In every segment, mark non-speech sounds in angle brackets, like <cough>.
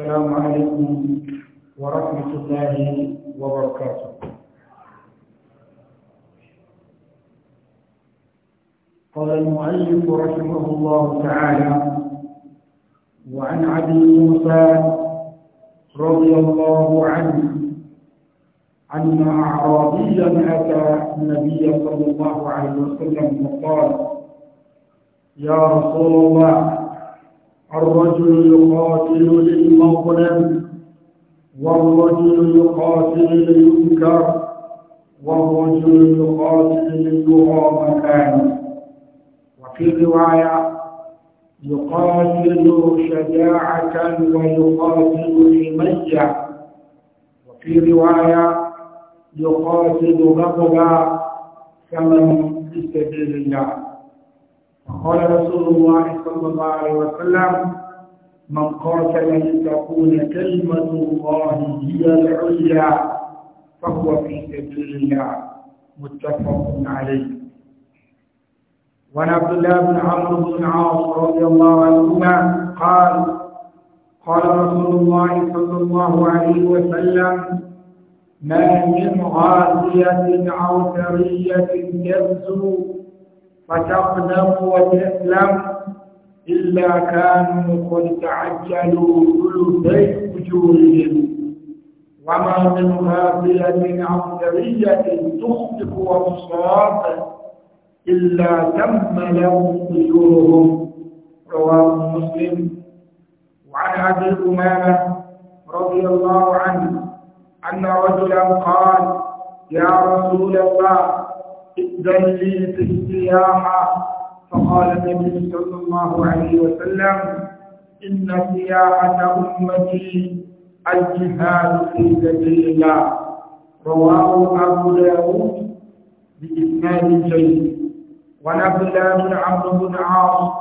السلام عليكم ورحمة الله وبركاته قال المؤلف رحمه الله تعالى وعن عبد موسى رضي الله عنه أن أعرابيا أتى النبي صلى الله عليه وسلم فقال يا رسول الله الرجل يقاتل للمظلم والرجل يقاتل للمنكر والرجل يقاتل ليرى مكان وفي رواية يقاتل شجاعة ويقاتل حمية وفي رواية يقاتل غضبا كمن في سبيل الله قال رسول الله صلى الله عليه وسلم من قاتل لتكون كلمة الله هي العليا فهو في سبيل الله متفق عليه وعن عبد الله بن عمرو بن عاص رضي الله عنهما قال قال رسول الله صلى الله عليه وسلم ما من غازية أو سرية تبزو فتقدم وتألم إلا كانوا قد تعجلوا ثلثي أجورهم وما من غافلة عبدرية تخطف وتصاب إلا تم لهم أجورهم رواه مسلم وعن أبي أمامة رضي الله عنه أن رجلا قال يا رسول الله ادم لي في السياحة فقال النبي صلى الله عليه وسلم إن سياحة أمتي الجهاد في سبيل الله رواه أبو داود بإسناد جيد ونقل من عمرو بن عاص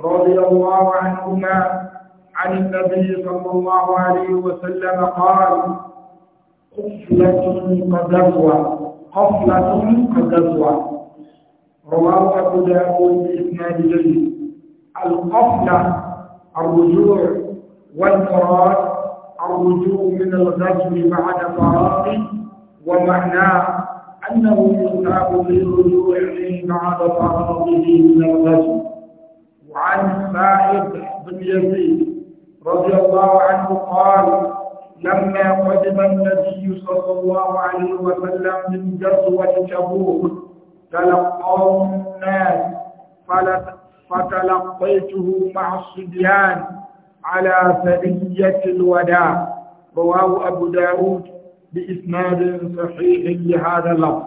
رضي الله عنهما عن النبي صلى الله عليه وسلم قال قفلة قدوة قفلة كالغزوة رواه أبو داود بإسناد جيد القفلة الرجوع والفراغ الرجوع من الغزو بعد فراغ ومعناه أنه يتاب حين بعد فراغه من الغزو وعن سائر بن يزيد رضي الله عنه قال لما قدم النبي صلى الله عليه وسلم من جزوة تبوك تلقاه الناس فتلقيته مع الصبيان على سرية الوداع رواه أبو داود بإسناد صحيح لهذا اللفظ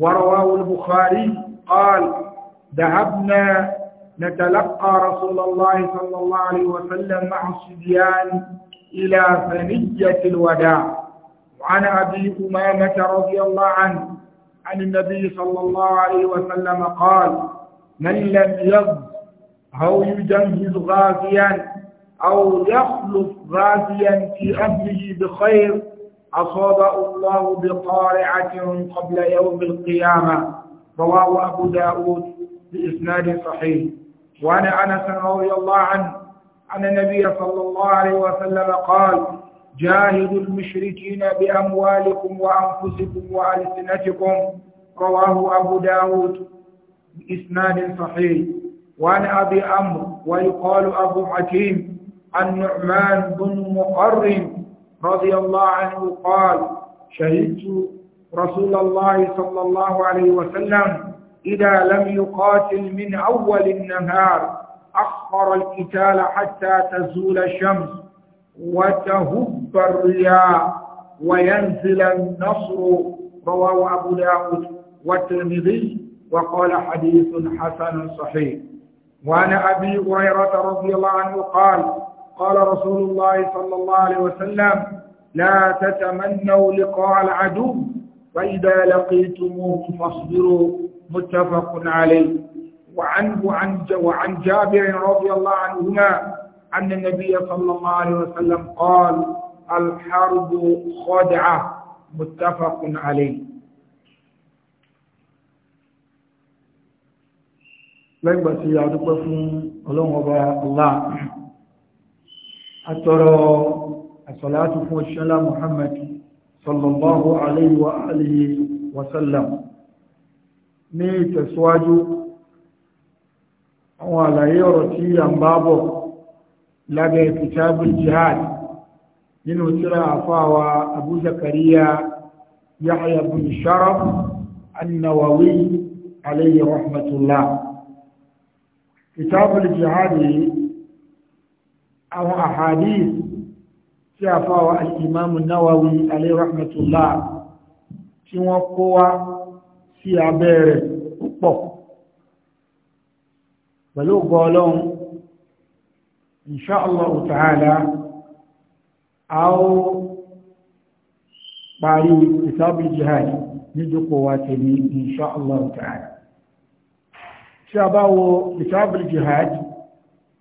ورواه البخاري قال ذهبنا نتلقى رسول الله صلى الله عليه وسلم مع الصبيان إلى ثنية الوداع وعن أبي أمامة رضي الله عنه عن النبي صلى الله عليه وسلم قال من لم يغز أو يجهز غازيا أو يخلف غازيا في أهله بخير أصابه الله بقارعة قبل يوم القيامة رواه أبو داود بإسناد صحيح وعن أنس رضي الله عنه أن النبي صلى الله عليه وسلم قال جاهدوا المشركين بأموالكم وأنفسكم وألسنتكم رواه أبو داود بإسناد صحيح وعن أبي أمر ويقال أبو حكيم عن النعمان بن مقرن رضي الله عنه قال شهدت رسول الله صلى الله عليه وسلم إذا لم يقاتل من أول النهار أخر القتال حتى تزول الشمس وتهب الرياء وينزل النصر رواه أبو داود والترمذي وقال حديث حسن صحيح وعن أبي هريرة رضي الله عنه قال قال رسول الله صلى الله عليه وسلم لا تتمنوا لقاء العدو فإذا لقيتموه فاصبروا متفق عليه وعنه عن وعن جابر رضي الله عنهما أن النبي صلى الله عليه وسلم قال الحرب خدعة متفق عليه lẹ́gbà tí a dúpẹ́ fún ọlọ́run ọba Allah àtọrọ àsọ̀látù fún òṣìṣẹ́lá Muhammad sallallahu alaihi wa alihi wa sallam ní ìtẹ̀síwájú àwọn àlàyé ọ̀rọ̀ tí a ń bá bọ̀ lábẹ́ kitabul jihad nínú tírà àfáwà abu zakariya yahya bin sharaf annawawi alayhi rahmatullah kitabul jihad yìí àwọn ahadith tí àfáwà al-imam nawawi alayhi rahmatullah tí wọ́n kó wá sí abẹ́rẹ̀ púpọ̀ pẹ̀lú ògbọ́ ọlọ́run insha Allah ta'ala a ó parí ìtàbí jihad níjókòó wa tèmi insha Allah ta'ala tí a bá wo ìtàbí jihad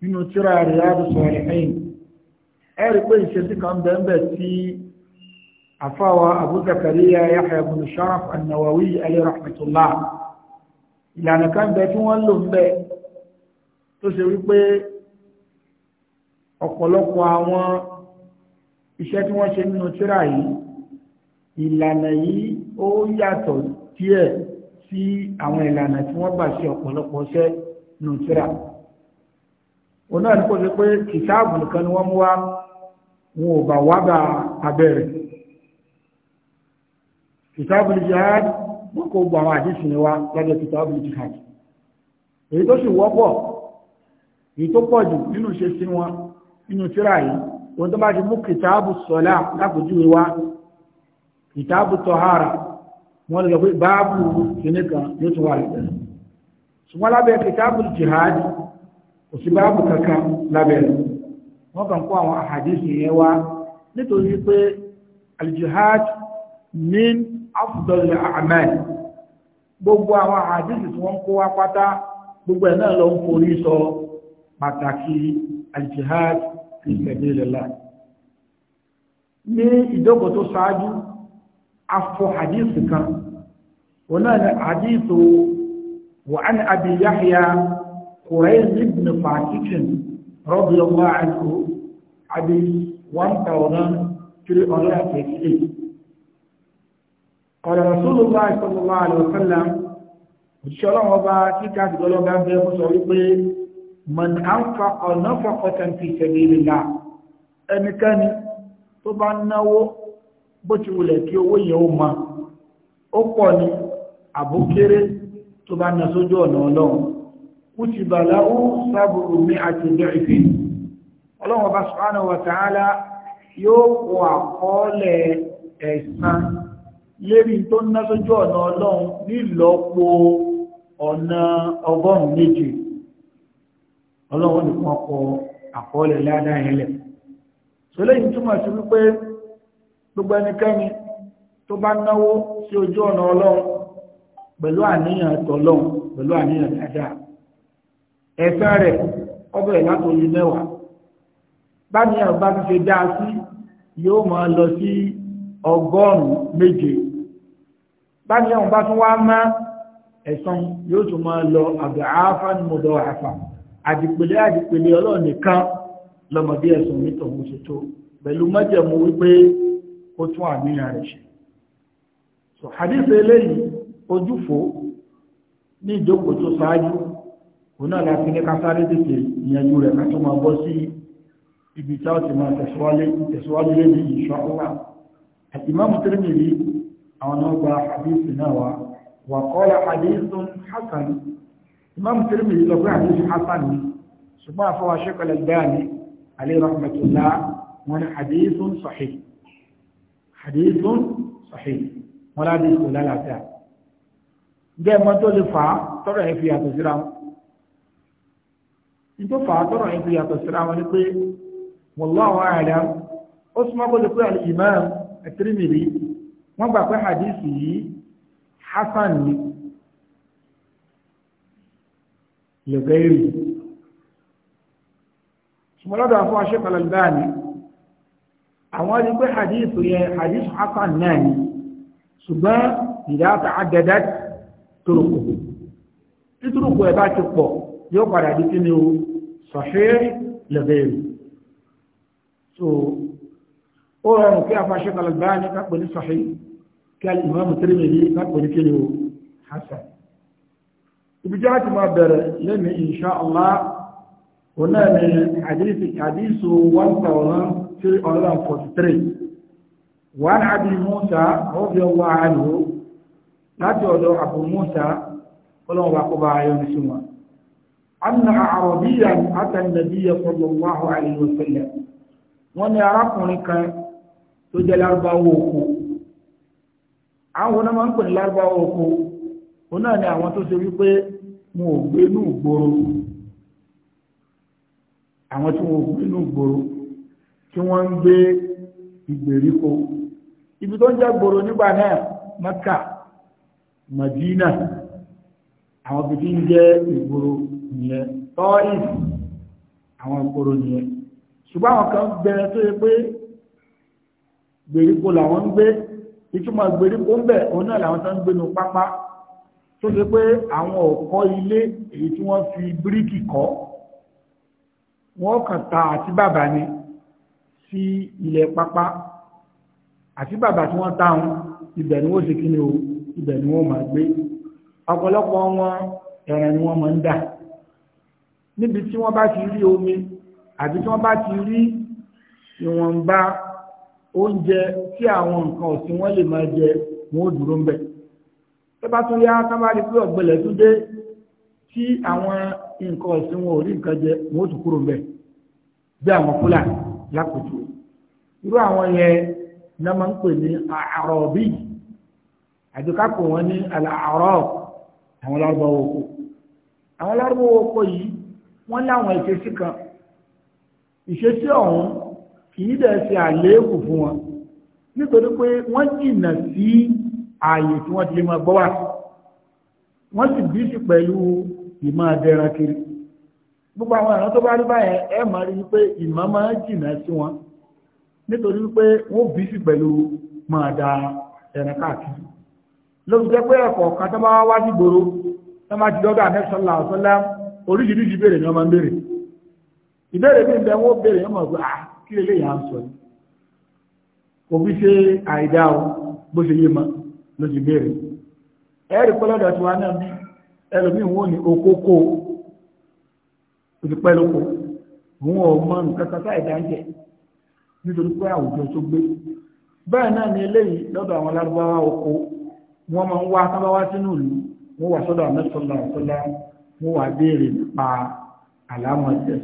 nínú tíra Riyadu Salihin ẹ̀rí pé ìṣẹ́sí kan bẹ̀ẹ̀bẹ̀ tí àfáwà Abu Zakariya Yahya ibn Sharaf an-Nawawi tó ṣe wípé ọ̀pọ̀lọpọ̀ àwọn iṣẹ́ tí wọ́n ṣe nínú tírà yìí ìlànà yìí ó yàtọ̀ díẹ̀ sí àwọn ìlànà tí wọ́n gbà ṣe ọ̀pọ̀lọpọ̀ iṣẹ́ nínú tírà òun náà ní kò ṣe pé kìtáàbù nìkan ni wọ́n mú wá wọn ò bá wá bá abẹ́rẹ̀ kìtáàbù jihad wọ́n kò gbọ́ àwọn àdísì ni wá lọ́dọ̀ kìtáàbù jihad èyí tó sì wọ́pọ̀ èyí tó pọ̀ jù nínú ṣe sí wọn nínú tíra yìí wọn tó bá ti mú kìtàbù sọlá lápòjúwe wá kìtàbù tọhárà wọn lè lọ pé báàbù kìíní kan yóò tún wà lẹ́yìn ṣùgbọ́n lábẹ́ kìtàbù jihad kò sí báàbù kankan lábẹ́ rẹ̀ wọ́n kàn kó àwọn àhàdísì yẹn wá nítorí pé aljihad min afdal al gbogbo àwọn àhàdísì tí wọ́n kó wá pátá gbogbo ẹ̀ náà ló ń forí sọ pàtàkì aljihad fi sabilillah ní ìdókò tó ṣáájú afọ hadith kan wọn náà ni hadith وعن أبي يحيى قريز بن فاكك رضي الله عنه أبي 1388 قال رسول الله صلى الله عليه وسلم الشرع وبا كيكا تقولوا بان في مصوري man anfaqa nafaqatan fi sabilillah ẹnikẹ́ni tó bá náwó bó ti wulẹ̀ kí owó yẹn ó ma ó pọ̀ ní àbúkéré tó bá na sójú ọ̀nà ọlọ́run kutiba lahu sabru mi'ati du'fin ọlọ́run ọba subhanahu wa ta'ala yóò kọ àkọọ́lẹ̀ ẹ̀san lérí tó ná sójú ọ̀nà ọlọ́run nílọ́po ọ̀nà ọgọ́rùn-ún méje ọlọ́run nìkan kọ àkọọ́lẹ̀ ládàá yẹn lẹ̀ sọlẹ́yìn túnmà sí wípé gbogbo ẹnikẹ́ni tó bá náwó sí ojú ọ̀nà ọlọ́run pẹ̀lú àníyàn tọ́lọ́run pẹ̀lú rẹ̀ lọ àáfà ní àfà. àdìpẹ̀lẹ̀ àdìpẹ̀lẹ̀ ọlọ́run nìkan lọ́mọdé ẹ̀sùn nítọ̀hún ṣe tó pẹ̀lú mọ́jẹ̀mú wípé ó tún àníyàn rẹ̀ ṣe so hadith eléyìí ojúfò ní ìjókòó tó ṣáájú òun náà láti ní kásáré tètè ìyẹnjú rẹ̀ ká tó máa bọ́ sí ibi tí a ti máa tẹ̀síwájú lé ní ìṣọ́kúnwà àti Imam Tirmidhi àwọn náà gba hadith náà wá wà qala hadithun hasan imam tirmidhi lọ pé hadith hasan ni ṣùgbọ́n àfọwọ́ ṣẹ́kọ̀lẹ̀ dáàni alẹ́ rahmatullah wọn ni hadithun sahih hadithun sahih wọn láti ìkò lálàáfíà bẹ́ẹ̀ mọ́ tó lè fà á tọrọ ẹ̀ fi yàtọ̀ síra wọn ní tó fà á tọrọ ẹ̀ fi yàtọ̀ síra wọn ni pé wallahu a'lam ó súnmọ́ kó lè pé al-imam at-tirmidhi wọ́n gbà pé hadith yìí hasan ni lẹ̀gẹ́ èrì ṣùgbọ́n lọ́dọ̀ àfọ́ aṣẹ́kọ̀ọ́lẹ̀ báà ní àwọn rí pé hadith yẹ hadith hasan náà ni ṣùgbọ́n ìdáta àdẹ́dẹ́ turuku títúrùkù ẹ̀ bá ti pọ̀ yóò padà di kí ni o sahih lẹ̀gẹ́ èrì so ó rọrùn kí afọ́ aṣẹ́kọ̀ọ́lẹ̀ báà ní kápẹ́ ní sahih kí alìmọ́ mùtírìmì yìí kápẹ́ ní kí ni o hasan ibùjọ́ àti máa bere lẹ́nu insha Allah òun náà ni àdísù 1343 wọ́n àbí Musa rọ́bí ọwọ́ àánú láti Abu Musa kọlọ́wọ́ akọba ayọ́ ní súnmọ́ anna àrọ̀bíyà àtàndàbíyà sallallahu alaihi wa sallam wọ́n kan tó jẹ́ lárúbáwó oko àwọn ọ̀nà máa ń ní ó náà ni àwọn tó ṣe wípé wọn ò gbé inú ìgboro àwọn tí wọn ò gbé inú ìgboro tí wọ́n ń gbé ìgbèríko ibi tó ń jẹ́ gbòòrò nígbà náà Mẹ́kà Mẹdínà àwọn ibi tí ń jẹ́ ìgboro nìyẹn Tọ́ìs àwọn ìgboro nìyẹn ṣùgbọ́n àwọn kan bẹ̀rẹ̀ tó yẹ pé gbèríko làwọn ń gbé ìtumọ̀ gbèríko ń bẹ̀ òun náà làwọn tó ń gbénu pápá tó ṣe pé àwọn ọ̀kọ́ ilé èyí tí wọ́n fi bíríkì kọ́ wọ́n kàn ta àti bàbá ni sí ilẹ̀ pápá àti bàbá tí wọ́n táwọn ibẹ̀ ni wọ́n ṣe kí ni o ibẹ̀ ni wọ́n máa gbé ọ̀pọ̀lọpọ̀ wọn ẹ̀rẹ̀ ni wọ́n máa ń dà níbi tí wọ́n bá ti rí omi àbí tí wọ́n bá ti rí ìwọ̀nba oúnjẹ tí àwọn nǹkan ọ̀sìn wọn lè máa jẹ wọn ó dúró ń bẹ̀ tó bá tún yá ká bá rí pé ọ̀gbẹlẹ̀ tún dé tí àwọn nǹkan ọ̀sìn wọn ò rí nǹkan jẹ wọn ó tún kúrò mbẹ bí àwọn fúlàní lápòjù irú àwọn yẹn ní wọn máa ń pè ní àrọ̀bí àdìkápò wọn ní àrọ̀ àwọn lárúbáwò oko àwọn lárúbáwò oko yìí wọ́n láwọn ìṣesí kan ìṣesí ọ̀hún kì í dẹ̀ ṣe àléébù fún wọn nítorí pé wọ́n jìnnà sí. Si ààyè tí wọ́n ti lè máa gbọ́ wà wọ́n sì bí sí pẹ̀lú ìmọ̀ adẹ́ran kiri gbogbo àwọn ìran tó bá rí báyẹn ẹ máa rí wípé ìmọ̀ máa jìnà sí wọn nítorí wípé wọ́n bí sí pẹ̀lú máa da ẹran káàkiri lóbi jẹ́ pé ẹ̀kọ́ kan tó bá wá sí gbòòrò tó bá ti dọ́gba anẹ́sọ́lá ọ̀sọ́lá oríṣiríṣi ìbéèrè ni wọ́n máa ń béèrè ìbéèrè bí nbẹ wọ́n béèrè yẹn pé ah, à kí lè lè yà á sọ yìí òbí ṣe àìdá o bó ṣe yé máa ló ti béèrè ẹ̀rì pọ́lọ́dọ̀ tí wọ́n náà ẹlòmí wọn ni okókó òtúpẹ́ lóko wọn ò mọ nǹkan kan sáì dáńjẹ nítorí pé àwùjọ tó gbé bẹ́ẹ̀ náà ni eléyìí lọ́dọ̀ àwọn lárúbáwá oko wọ́n máa ń wá sábáwá sínú ìlú wọ́n wà sọ́dọ̀ àmẹ́sọ̀lá ọ̀sọ́lá wọ́n wà béèrè nípa àlámọ̀ ẹ̀sìn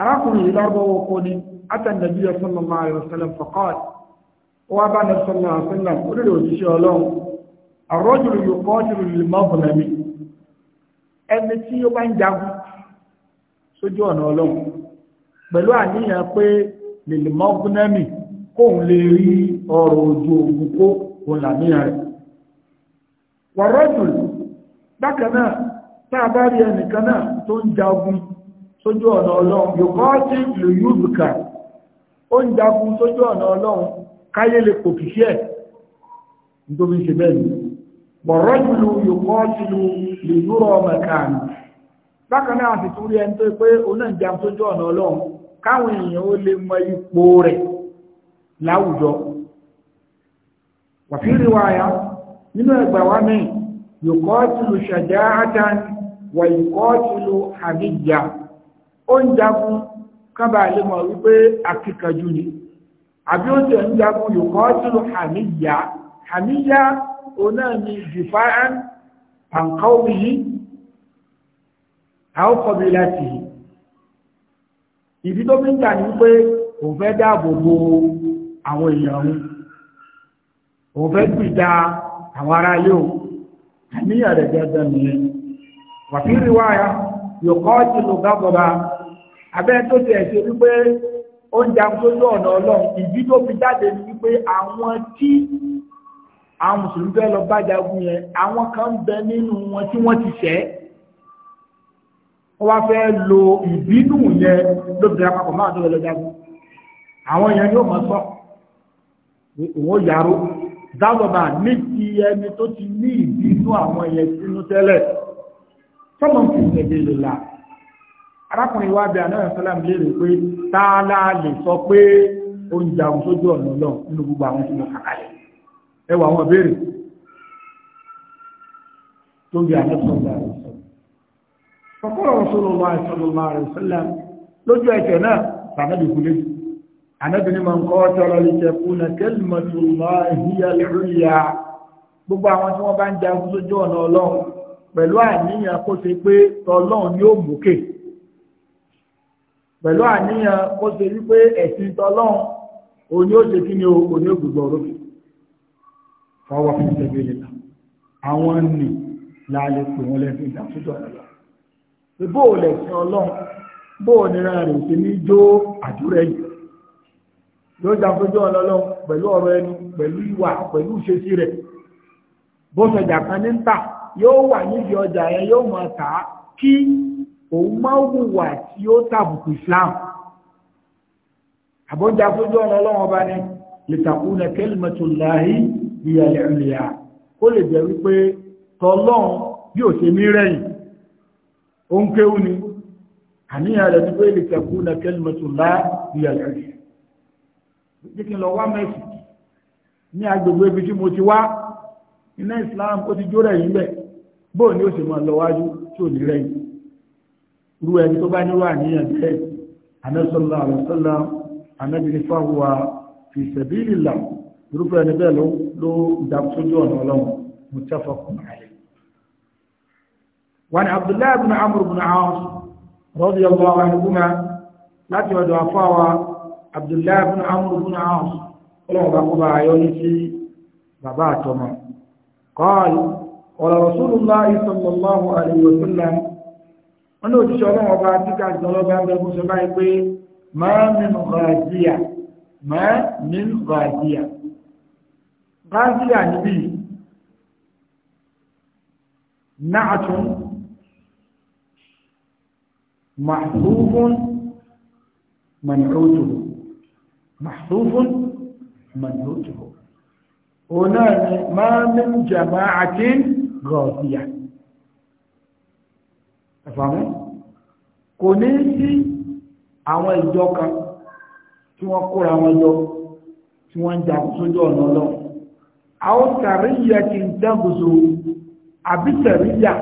arákùnrin yìí lárúbáwá oko ni atànàbí ọ̀sán lọ́mọ ayọ̀sẹ́lẹ̀ fọ́kọ́ọ̀tì wọ́n bá ní sọ́nà àṣínà orílẹ̀ òjíṣẹ́ ọlọ́run àrọ́jùlù yóò kọ́ jùlù lè mọ́ bùnàmí ẹni tí ó bá ń jagun sójú ọ̀nà ọlọ́run pẹ̀lú àníyàn pé lè mọ́ bùnàmí kóun lè rí ọrọ̀ ojú ogun kó òun làníyàn rẹ̀ wọ̀rọ́jùlù bákan náà tá a bá rí ẹnìkan náà tó ń jagun sójú ọ̀nà ọlọ́run yóò kọ́ yóò káyé lè kò kì sí ẹ̀ nítorí ṣe bẹ́ẹ̀ ni bọ̀rọ̀ jùlọ yòókọ́ sínú lè yúrọ̀ bákan náà sì tún rí tó jọ ọ̀nà ọlọ́run káwọn èèyàn ó lè mọ ipò rẹ̀ láwùjọ àbí ó jẹ́ ń jagun yòókọ́ sílùú hàmíyà hàmíyà òun náà ni dìfáàn pàǹkáwì yìí àwọn kọ̀bí láti ìdí tó fi ń jà ní pé òun fẹ́ dáàbò bo àwọn èèyàn òun òun fẹ́ gbìdá àwọn ará yóò àníyàn rẹ̀ gẹ́gẹ́ nìyẹn wàfíìrì wáyà yòókọ́ sílùú gábọ̀ba abẹ́ tó ti ṣe wípé ó ń jagunlójú ọ̀nà ọlọ́run ìdí tó fi jáde ni wípé àwọn tí àwọn mùsùlùmí fẹ́ lọ bá jagun yẹn àwọn kan ń bẹ nínú wọn tí wọ́n ti ṣẹ̀ wọ́n wá fẹ́ lo ìbínú yẹn lóbìnrin àpapọ̀ máa tó lọ jagun àwọn yẹn yóò máa sọ òun ó yàrá dálọ́bà ní ti ẹni tó ti ní ìbínú àwọn yẹn sínú tẹ́lẹ̀ sọ́mọ́ fi ṣẹ̀dẹ̀ lè la arákùnrin wa bẹ àná ìsọlám léèrè pé tààlà lè sọ pé oúnjẹ àwọn sójú ọ̀nà lọ nínú gbogbo àwọn tí mo kàkàlẹ̀ ẹ wà wọn béèrè tó bí àná sọlá rẹ sọ fọkọrọ sọlọ wa sọlọ wa rẹ sọlá lójú ẹsẹ̀ náà sànàbì kúlẹ ànábì ni màá ń kọ́ tọrọ lìjẹ kúnà kẹlìmọ̀tòlá ìhíyà lẹ́rìíyà gbogbo àwọn tí wọ́n bá ń jagun sójú ọ̀nà ọlọ́run pẹ̀lú àníyàn kó ṣe pé tọlọ́run ni mókè pẹ̀lú àníyàn kó ṣe wípé ẹ̀sìn tọlọ́run òní ó ṣe kí ni òní ó gbogbo ọ̀rọ̀ mi fọwọ́ fún ìṣẹ́jú ìlera àwọn nì láàlẹ́ pè wọ́n lẹ́nu ìdásójọ́ ọ̀la bó o lẹ̀ sin ọlọ́run bó o nira rẹ̀ ṣe ní jó àdúrà yìí yóò dàgbójú òun máa wùwà tí ó tàbùkù islam àbọ̀jà fojú ọ̀nà ọlọ́wọ́n ọba ni litakuna kalimatullahi hiya al-ulya ó lè jẹ́ wípé tọlọ́n bí ò ṣe mí rẹ̀yìn ó ń ni àníyàn rẹ̀ ni pé litakuna kalimatullahi hiya al-ulya jẹ́ kí n lọ wá mẹ́sì ní agbègbè ibi tí mo ti wá iná islam ó ti jó rẹ̀yìn bẹ́ẹ̀ bóò ni ó sì máa lọ wájú tí ò ní rẹ̀yìn irú ẹni tó bá níwà níyàn bẹ́ẹ̀ anẹ́sọ́lá àlọ́sọ́lá anẹ́bìnrin fáwọ́ fi sabilillah irúfẹ́ ẹni bẹ́ẹ̀ ló dàpọ̀sójú ọ̀nà ọlọ́run muttafaqun alayh. wọ́n ní abdullahi bin amr bin aas radiyallahu anhuma láti ọ̀dọ̀ afáwa abdullahi bin amr bin aas ọlọ́run bá kó bá ayọ́ ní sí bàbá àtọmọ. قال قال رسول الله صلى الله عليه wọ́n ní òjíṣẹ́ ọlọ́run ọba títà ìjọlọ́gbà ń bẹ̀rù sọ báyìí pé máa nínú ràdíà máa nínú ràdíà ràdíà níbí náàtún mahfufun manhutuhu mahfufun manhutuhu òun náà ni máa nínú jama'atin ràdíà ẹ̀fàmú kò ní sí àwọn ìjọ kan tí wọ́n kóra wọn jọ tí wọ́n ń jagun sójú ọ̀nà lọ àwọn sàríyà kì í dágbòsò àbí sẹ̀ríyà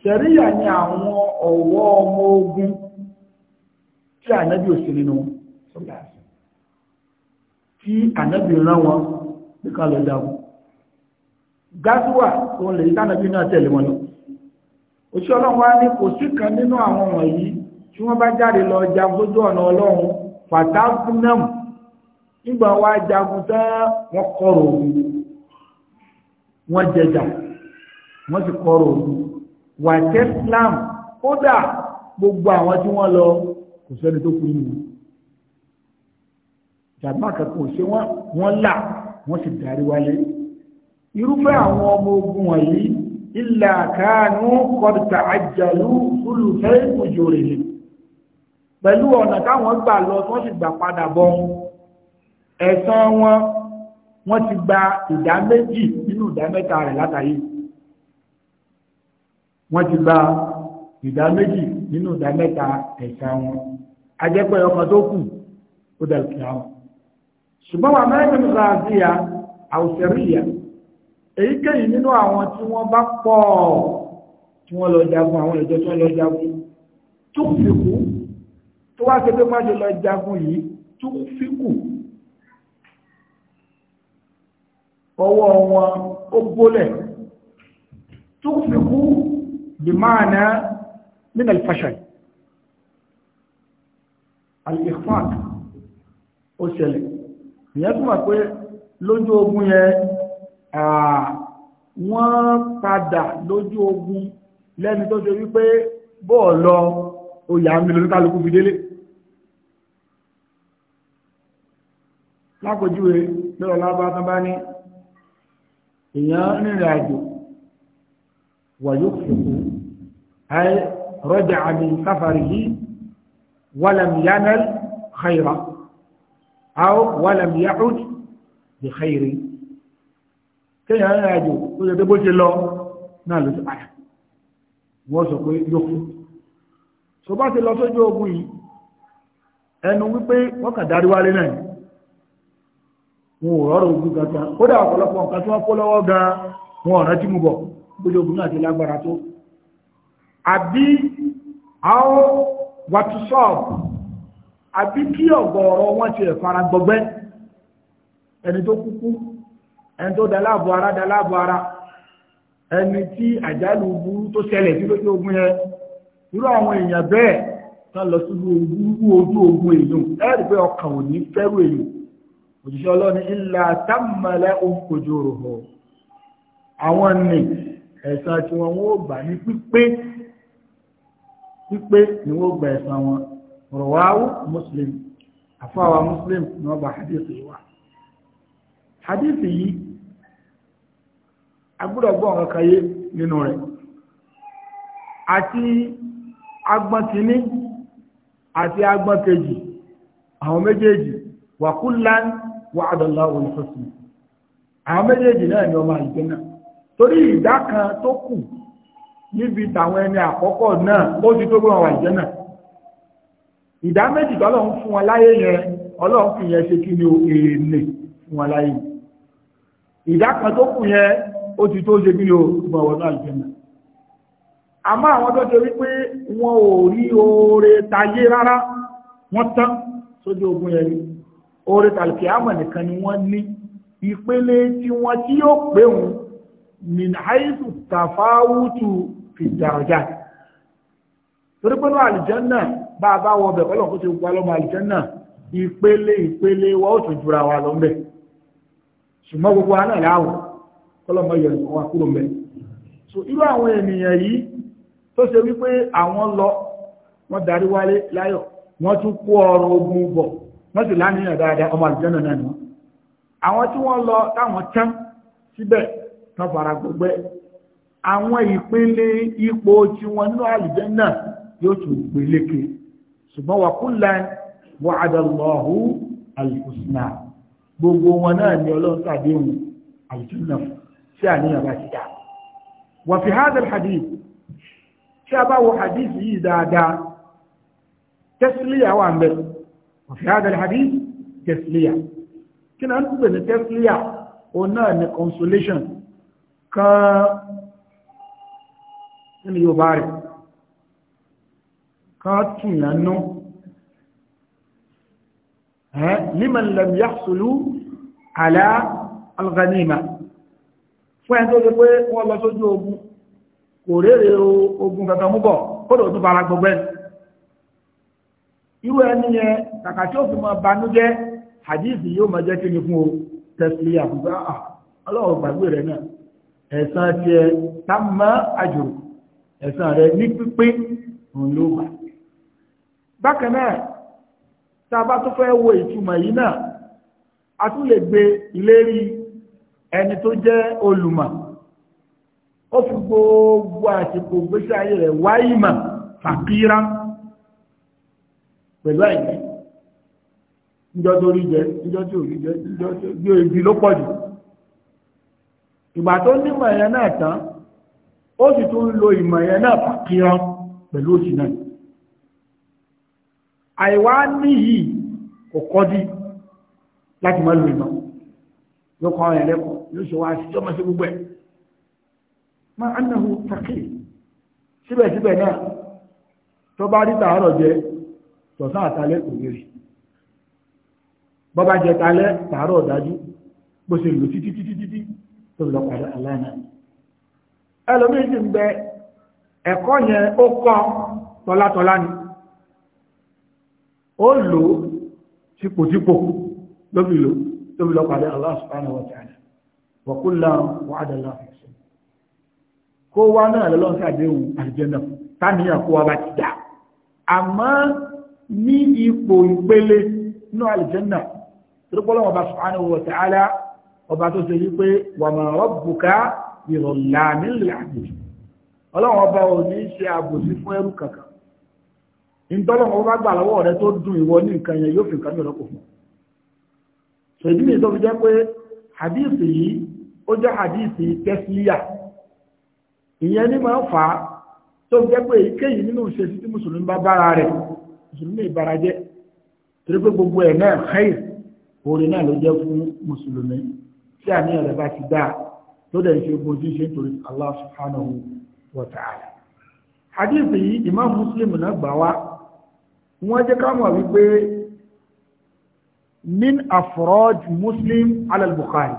sẹ̀ríyà ni àwọn ọ̀wọ́ ọmọ ogun tí ànábì òsì nínú tí ànábì rán wọn ní kan lọ jagun gáṣíwà tó lè tánàbí náà tẹ̀lé wọn lọ òṣì ọlọ́run wá ní kò sí kan nínú àwọn wọ̀nyí tí wọ́n bá jáde lọ jagun ojú ọ̀nà ọlọ́run fatakunam nígbà wá jagun tán wọ́n kọ̀rọ̀ òru wọ́n jẹjà wọ́n sì kọ̀rọ̀ òru wà tẹ́sílám kódà gbogbo àwọn tí wọ́n lọ kò sẹ́ni tó kú nínú jàgbọ́n kankan ò ṣe wọ́n là wọ́n sì darí wálé irúfẹ́ àwọn ọmọ ogun wọ̀nyí ilà kánú kọ́dùtà àjàlú olùfẹ́ òjòrè pẹ̀lú ọ̀nà táwọn gbà lọ tí wọ́n sì gbà padà bọ̀ ẹ̀san wọn wọ́n ti gba ìdá méjì nínú ìdá mẹ́ta rẹ̀ látàyè wọ́n ti gba ìdá méjì nínú ìdá mẹ́ta ẹ̀san wọn ajẹ́pẹ́ ọmọ tó kù ó dẹ̀ kí á ṣùgbọ́n wà mẹ́rin nípa àbíyá àwòṣẹ́ríyà èyíkéyìí nínú àwọn tí wọ́n bá pọ̀ tí wọ́n lọ jagun àwọn ìjọ tí wọ́n lọ jagun tó fi kú tó wá ṣe pé má ṣe lọ jagun yìí tó fi ọwọ́ wọn ó gbólẹ̀ tó fi kú nínú ìfàṣà al ó ṣẹlẹ̀ ìyẹn pé lójú ogun yẹn wọ́n padà lójú ogun lẹ́ni tó ṣe wípé bọ́ọ̀lọ́ oyà ń lọ lókàlùkù fi délé lákòjúwe lọ́rọ̀ lábá bá ní èèyàn rìnrìn àjò wàyó fòkó ayé rọ́jà àmì sáfàrí yìí wàlàmìyánẹ́lì khayra aw wàlàmìyáhùd bí khayri kéèyàn rìn àjò tó yẹ bó ṣe lọ náà ló ti padà wọ́n sọ ogun yìí ẹnu wípé wọ́n kà wálé náà wọn ò rọrùn ogun gata o ọ̀pọ̀lọpọ̀ nǹkan tí wọ́n kó lọ́wọ́ gan wọn ọ̀rẹ́ tí mo bọ̀ bójú ogun náà ti lágbára tó àbí àwọn wàtúsọ́ọ̀bù àbí kí ọ̀gọ̀ọ̀rọ̀ wọn ẹni tó da láàbò ara da láàbò ara ẹni tí àjálù burú tó ṣẹlẹ̀ sí lójú ogun yẹn irú àwọn èèyàn bẹ́ẹ̀ tán lọ sí irú ojú ogun èèyàn ẹ̀rí pé ọkàn ò ní fẹ́rù èèyàn òjíṣẹ́ ọlọ́ni ilà támàlẹ́ òǹkòjò rò àwọn nì ẹ̀san tí wọn ó gbà ní pípé pípé ni wọ́n gbà ẹ̀san wọn rọ̀wáwó muslim àfáwà muslim ni wọ́n bá hadith yìí wá hadith yìí agbúdọ̀ gbọ́ ọ̀rọ̀ kayé nínú rẹ̀ àti agbọn kìíní àti agbọn kejì àwọn méjèèjì wà kullan wa'ada Allahu al-husna àwọn méjèèjì náà ni ọmọ àlùjànnà torí ìdá kan tó kù níbi tàwọn ẹni àkọ́kọ́ náà ó ti tó gbọ́n wà àlùjànnà ìdá méjì tọ́lọ́run fún wọn láyé yẹn ọlọ́run fi yẹn ṣe kí ni èèlè fún wọn láyé ìdá kan tó kù yẹn ó ti tó ṣe gílò bọ̀wọ̀n àlùjẹ́nà àmọ́ àwọn tó ṣe wípé wọn ò rí oore tayé rárá wọ́n tán sójú ogun yẹn oore tàlùkì nìkan ni wọ́n ní ìpele tí wọ́n tí yóò pé wọn min haisu tafawutu fi dàrọ̀jà torí pé ní àlùjẹ́nà bá a bá wọ bẹ̀ pẹ́lú ọ̀kọ́ ti gba lọ́mọ àlùjẹ́nà ìpele ìpele wọ́n ó tún jura wa lọ́mọ bẹ̀ ṣùgbọ́n gbogbo wa náà kọ́lọ́mọ́ yọ nǹkan wá kúrò mẹ́ so irú àwọn ènìyàn yìí tó ṣe wípé àwọn lọ wọ́n darí wálé láyọ̀ wọ́n tún kó ọrọ̀ ogun bọ̀ wọ́n sì láníyàn dáadáa ọmọ àlùjọ́nà náà ni wọ́n àwọn tí wọ́n lọ táwọn tán síbẹ̀ tán fara gbọgbẹ́ àwọn ìpele ipò tí wọ́n nú àlùjọ́nà yóò tún gbélékè ṣùgbọ́n wà kúlẹ̀ wa'adallahu gbogbo wọn náà ni ọlọ́run tàbí òun àlùjọ́nà fún شانية باشياء وفي هذا الحديث شابه حديث إذا تسلية وانبس وفي هذا الحديث تسلية كنا نقول أن تسلية هنا أن كونسوليشن ك أن يبارك كاتشين أنه لمن لم يحصلوا على الغنيمة fún ẹni tó ṣe pé wọ́n lọ sójú ogun kò rèrè ogun kankan mú bọ̀ kódò tó bára gbogbo ẹni irú ẹni yẹn kàkà tí ó fi máa banújẹ́ hadithi yóò máa jẹ́ kí ni fún o tẹ̀sílì àfùgbà ah, ọlọ́run gbàgbé rẹ̀ náà ẹ̀san tiẹ̀ tamma ajru ẹ̀san rẹ̀ ní pípé òun ló wà bákan náà tá a bá tó fẹ́ wo ìtumọ̀ yìí náà a tún lè gbé ìlérí ẹni tó jẹ́ olùmọ̀ ó fi gbogbo àsìkò gbésí ayé rẹ̀ wáyé mà fàkírá pẹ̀lú àìní níjọ́ tó rí jẹ níjọ́ tí rí jẹ níjọ́ tó gbé ibi ló pọ̀ jù ìgbà tó nímọ̀ ẹ̀yẹ náà tán ó sì tún lo ìmọ̀ ẹ̀yẹ náà fàkírá pẹ̀lú òsì náà àìwá níyì kò kọ́ dí láti lo ìmọ̀ yóò ṣe wá sí ọmọ sí gbogbo ẹ̀ ma annahu taqi síbẹ̀síbẹ̀ náà tó bá rí tààrọ̀ jẹ tọ̀sán àtàlẹ́ kò lè rí bọ́bá jẹ tààlẹ́ tààrọ̀ dájú bó ṣe lò títí títí títí tó lọ padà aláìná ẹlòmíì sì ń bẹ ẹ̀kọ́ yẹn ó kọ́ tọ́látọ́lá ni ó lò ó típòtípò lóbi lò tóbi lọ pàdé Allah subhanahu wa ta'ala wàkúlà wàdàlà kó wá náà lọ́lọ́n sí àdéhùn àlùjẹ́nà táníyàn kó wá bá ti dà àmọ́ ní ipò ìpele náà àlùjẹ́nà torípọ́lọ́ ọba subhanahu wa ta'ala ọba tó ṣe wípé wa ma rabbuka birrallamin lil abid ọlọ́run ọba ò ní ṣe àbòsí fún ẹrú kankan ìtọ́lọ́run ọba gbà lọ́wọ́ rẹ tó dùn ìwọ ní nǹkan yẹn yóò fi nǹkan mìíràn kò fún ṣèdí mi tó fi jẹ́ pé hadith yìí ó jẹ́ hadith tẹ́sílíà ìyẹn ní máa ń fà á tó jẹ́ pé ìkéyìí nínú ìṣesí tí mùsùlùmí bá bára rẹ̀ mùsùlùmí ìbára jẹ́ torí pé gbogbo ẹ̀ náà khair orin náà ló jẹ́ fún mùsùlùmí tí àníyàn rẹ̀ bá ti dáa tó dẹ̀ ṣe ogun ṣe nítorí Allah subhanahu wa ta'ala hadith yìí imam muslim náà gbà wá wọ́n jẹ́ ká wípé min afrod muslim alal bukhari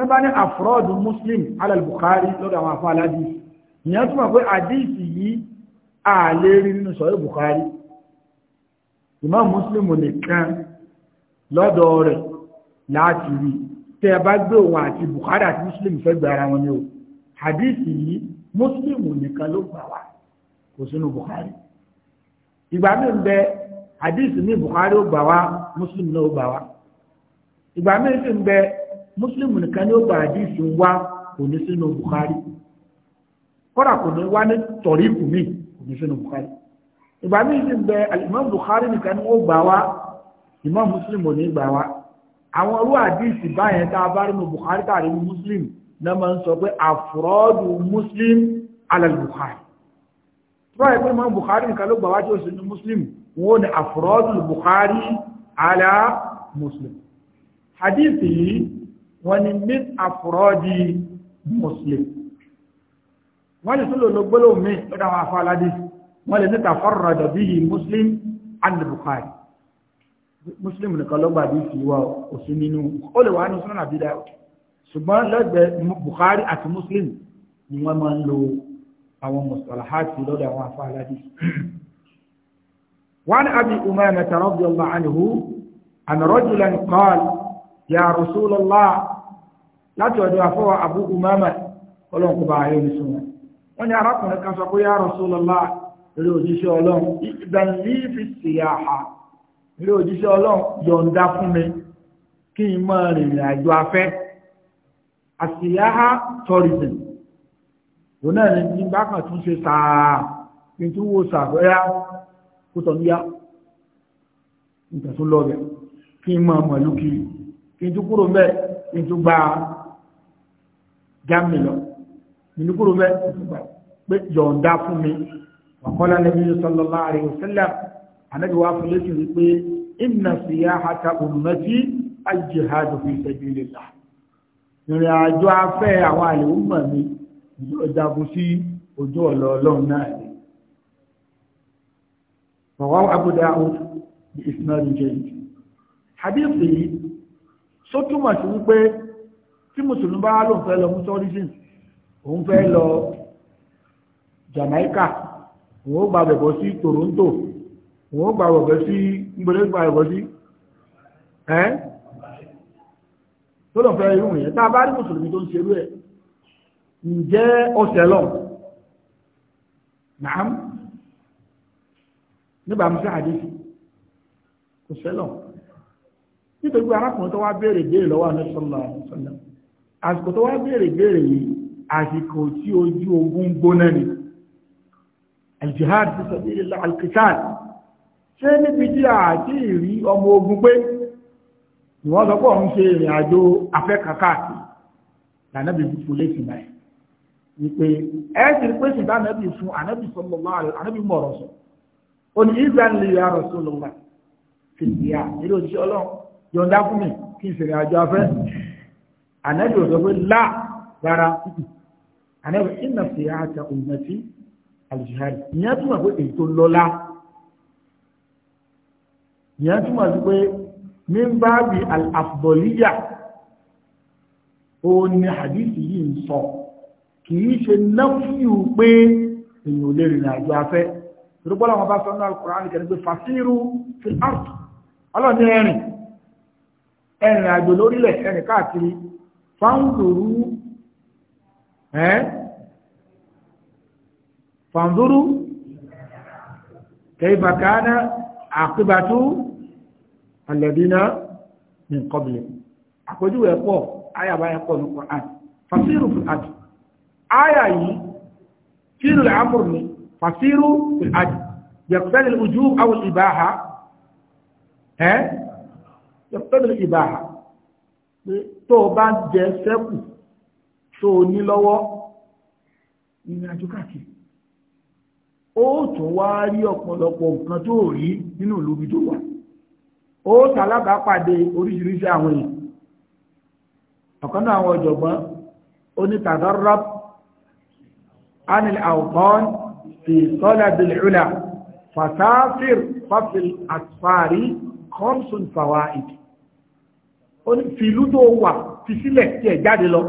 tẹ́bá ní àfúrọ́dù muslim alal-Bukhari lọ́dọ̀ àwọn afọ́ aládì ìyẹn túnmọ̀ pé àdíìsì yìí ààlè rí nínú sọ̀rọ̀ Bukhari Imam muslim nìkan lọ́dọ̀ rẹ̀ láti rí tẹ́bá gbé òun àti Bukhari àti muslim fẹ́ gbé ara wọn ní o àdíìsì yìí muslim nìkan ló gbà wá kò sínú Bukhari ìgbà mi bẹ àdíìsì ní Bukhari ó gbà wá muslim náà ó gbà wá ìgbà mi ń bẹ muslim nìkan ni ó gba àdìsí wá kò ní sínú bukhari kódà kò ní wá ní tọ̀rí kù mí kò ní sínú bukhari ìgbà míì sì ń bẹ alimam bukhari nìkan ni ó gbà wá imam muslim ò ní gbà wá àwọn irú àdìsí báyẹn tá a bá rí nu bukhari tá a muslim náà máa ń sọ pé àfúrọ́dù muslim alal bukhari tọ́wọ́ ẹgbẹ́ imam bukhari nìkan ló gbà wá tí ó sì ní muslim wọn ò ní àfúrọ́dù bukhari ala muslim hadith yìí wọ́n ni min àfúrọ́dì muslim wọ́n lè tún lò ló gbóló mi lọ́dọ̀ àwọn afọ aládé wọ́n lè ní tafarrada bihi muslim and bukhari muslim nìkan lọ́gbà bí fi wá òsì nínú ó lè wà ní sunan abi ṣùgbọ́n lẹ́gbẹ̀ẹ́ bukhari àti muslim ni wọ́n máa ń lo àwọn mustalahati lọ́dọ̀ àwọn afọ wọ́n ni abi umama radiyallahu anhu an rajulan qala ya Rasulullah láti ọ̀dọ̀ àfọwọ́ Abu Umama ọlọ́run kó bá ayé mi sùn wọn. wọ́n ní arákùnrin kan sọ pé ya Rasulullah eré òjíṣẹ́ ọlọ́run ìgbàlí fi siyaha eré òjíṣẹ́ ọlọ́run yọ̀ǹda fún mi kí n mọ rìnrìn àjò afẹ́ àsìyáhá tourism òun náà ní ní bá kan tún ṣe sàá kí n tún wo sàfẹ́yà kó tọ̀ níyà nǹkan tó lọ bẹ̀ kí n mọ ọmọ ìlú kiri kìntú kúrò mbẹ kìntú gba jámi lọ kìntú kúrò mbẹ kìntú gba pé yọ̀ǹda fún mi wàkọ́lá nàbí sallallahu alaihi wasallam anabi wa fúlẹ̀ sí wípé inna siyahata ummati al-jihadu fi sabilillah ìrìn àjò afẹ́ àwọn àlèwùmọ̀ mi ìjagun sí ojú ọ̀lọ́ ọlọ́run náà ni rawahu Abu Dawud bi isnadin jayyid hadith yìí só túmọ̀ sí wípé tí mùsùlùmí bá lóun fẹ́ lọ mú tourism òun fẹ́ lọ Jamaica òun ó gba bẹ̀bọ̀ sí Toronto òun ó gba bẹ̀bọ̀ sí ngbọ̀dọ̀ gba bẹ̀bọ̀ sí ẹ́ tó lọ fẹ́ irun yẹn tá a bá rí mùsùlùmí tó ń ṣerú ẹ̀ ǹjẹ́ ọ̀sẹ̀ lọ nàám níbàámu sí àdéhùn kò sẹ́lọ̀ nítorí pé arákùnrin tó wá béèrè béèrè lọ́wọ́ àmì sọ́lá sọ́lá àsìkò tó wá béèrè béèrè yìí àsìkò tí ojú ogun gbóná ni aljihad fi sabilillah alqital ṣé níbi tí àti ìrí ọmọ ogun pé ìwọ́n sọ pé òun ṣe ìrìn àjò afẹ́kàkàkì lànàbì fífò lẹ́sìn báyìí wípé ẹ ti rí pé ṣùgbọ́n ànábì fún ànábì sọlọ́lá ànábì mọ̀rọ̀ sọ òní ìgbà ń lè yára sọlọ́lá fìdíyà nílò òṣìṣẹ́ yọ̀ǹda fún mi kí ìsìnrìn àjò afẹ́ ànábì ò sọ pé lá rárá ànábì ìnà sí àtà ummati al-jihad ìyẹn túmọ̀ pé èyí tó lọ́lá ìyẹn túmọ̀ sí pé mímbàbí al-afdoliyya ó ní hadithi yìí ń sọ kì í ṣe náfíù pé èyàn lè rìnrìn àjò afẹ́ torípọ́lá wọn bá sọ ní al-Qur'an kẹ́ni pé fasiru fil ard ọlọ́ni ẹ̀rìn ẹ̀rìn àjò lórílẹ̀ ẹ̀rìn káàkiri fáńdùrú ẹ́ fàǹdùrú kayfa kana aqibatu alladina min qabli àpójú ẹ̀pọ̀ ayàbá ẹ̀pọ̀ ní Qur'an fasiru fil adi ayà yìí fíìlù àmùr ni fasiru fil adi yaqtadi al-wujub aw al-ibaha yọ̀pẹ̀lú ìbáhà tó o bá jẹ sẹ́kù tó o ní lọ́wọ́ ìrìn àjò káàkiri ó tún wá rí ọ̀pọ̀lọpọ̀ nǹkan tó rí nínú ìlú ibi tó wà ó ṣalábàápàdé oríṣiríṣi àwọn èèyàn ọ̀kan náà àwọn ọ̀jọ̀gbọ́n ó ní tadarrab anil awqan fi talabil fasafir fafil asfari khamsun fawaid ó ní fìlú tó wà fi sílẹ̀ kí ẹ̀ jáde lọ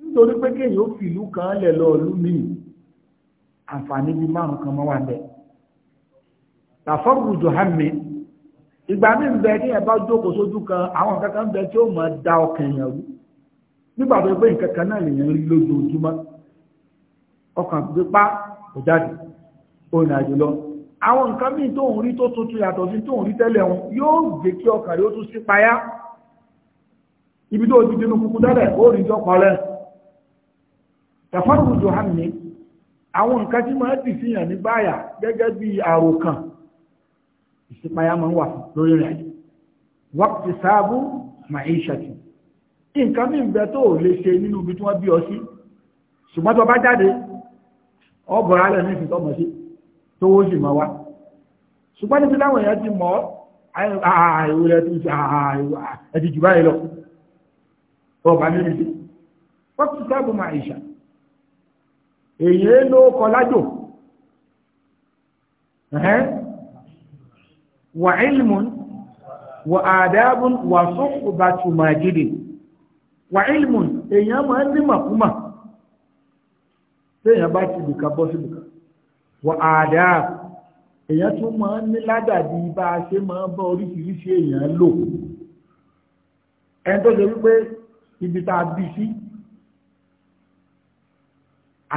nítorí pé kéèyàn ó fìlú kan lẹ̀ lọ ìlú míì àǹfààní bíi márùn kan mọ́ wà bẹ́ẹ̀ tàfọ́rùjù hàmì ìgbà mi ń bẹ kí ẹ bá jókòó sójú kan àwọn nǹkan kan ń bẹ tí ó máa da ọkàn èèyàn rú nígbà tó pé nǹkan kan náà lèèyàn rí lójoojúmọ́ ọkàn gbé pa kò jáde ó rìn àjò lọ àwọn nǹkan míì tó ń rí tó tuntun yàtọ̀ sí tó ń rí tẹ́lẹ̀ wọn yóò gbé kí ọkàn rí ó tún sí payá ibi tó ti dínú kúkú tẹ́lẹ̀ ó rí jọ kọ́lẹ̀ tẹ̀fọ́nù johanni àwọn nǹkan tí máa ti fihàn ní báyà gẹ́gẹ́ bí àròkàn ìsípayá máa ń wà lórí rẹ̀ wákìtì sáàbù màáṣàtì nǹkan míì bẹ tó lè ṣe nínú ibi tí wọ́n bí ọ sí ṣùgbọ́n tó bá jáde ọ bọ̀rọ̀ alẹ́ ní ìfìtọ́mọ̀ sí tó wó sì mọ́ wá ṣùgbọ́n níbi láwọn èèyàn ti mọ́ àìwò rẹ̀ ti ẹ ti jù báyìí lọ ọba nílùú sí wọ́pù sábò máa ìṣà èèyàn ló kọ lájò wà ilmun wà àdábùn wà sọ́kùbà tùmà jìdì wà ilmun èèyàn máa ń rí màkúmà téèyàn bá ti bùkà bọ́ sí bùkà wọ àdá èèyàn tún máa ń ní ládàbí bá a ṣe máa ń bá oríṣiríṣi èèyàn lò ẹni tó ṣe wípé ibi tá a bí sí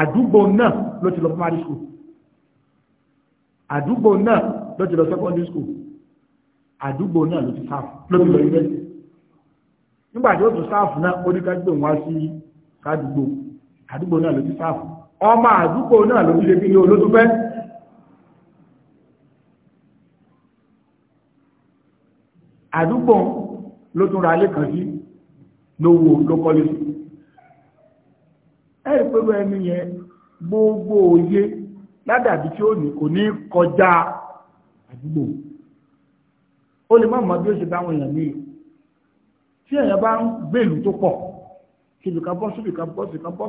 àdúgbò náà ló ti lọ primary school àdúgbò náà ló ti lọ secondary school àdúgbò náà ló ti sáfù ló ti lọ university nígbà tí ó tún sáfù náà ó ní ká gbé wọn sí àdúgbò àdúgbò náà ló ti sáfù ọmọ àdúgbò náà ló ṣe kí ní olóṣùfẹ́ àdúgbò ló tún ra alé kan sí lówó ló kọ́lé sí ẹ̀rì pẹ̀lú ẹni yẹn gbogbo òye ládàbí tí ó ní kò ní kọjá àdúgbò ó lè má mọ̀ bí ó ṣe báwọn èèyàn ní tí èèyàn bá ń gbèlú tó pọ̀ kìlù kan bọ́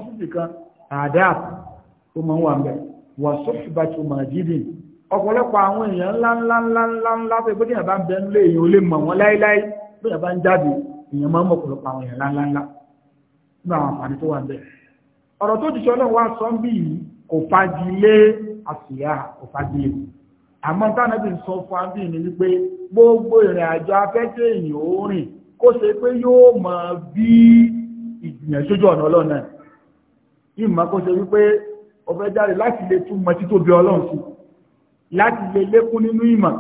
síbì adab ó máa ń wà mẹ́ wà sọ́ṣùbàtì màjídìn ọ̀pọ̀lọpọ̀ àwọn èèyàn ńlá ńlá ńlá ńlá ńlá tó ìgbésẹ̀ bá ń bẹ nílé èèyàn ó lè mọ̀ wọ́n láéláé bí èèyàn bá ń jáde èèyàn máa ń mọ̀ ọ̀pọ̀lọpọ̀ àwọn èèyàn ńlá ńlá nínú àwọn àǹfààní tó wà bẹ́ẹ̀ ọ̀rọ̀ tó ti sọ náà wá sọ bí kò fagilé àsìyá kò fagilé àmọ́ tánàbí sọ fún abí ni wípé gbogbo ìrìn àjò afẹ́kẹ́ èèyàn ó rìn kó ṣe pé yóò mọ̀ bí ìgbìyànjú ọ̀nà ọlọ́run náà ìmọ̀ kó ṣe wípé ọfẹ́ jáde láti lè túmọ̀ títóbi ọlọ́run sí láti lè lékún nínú ìmọ̀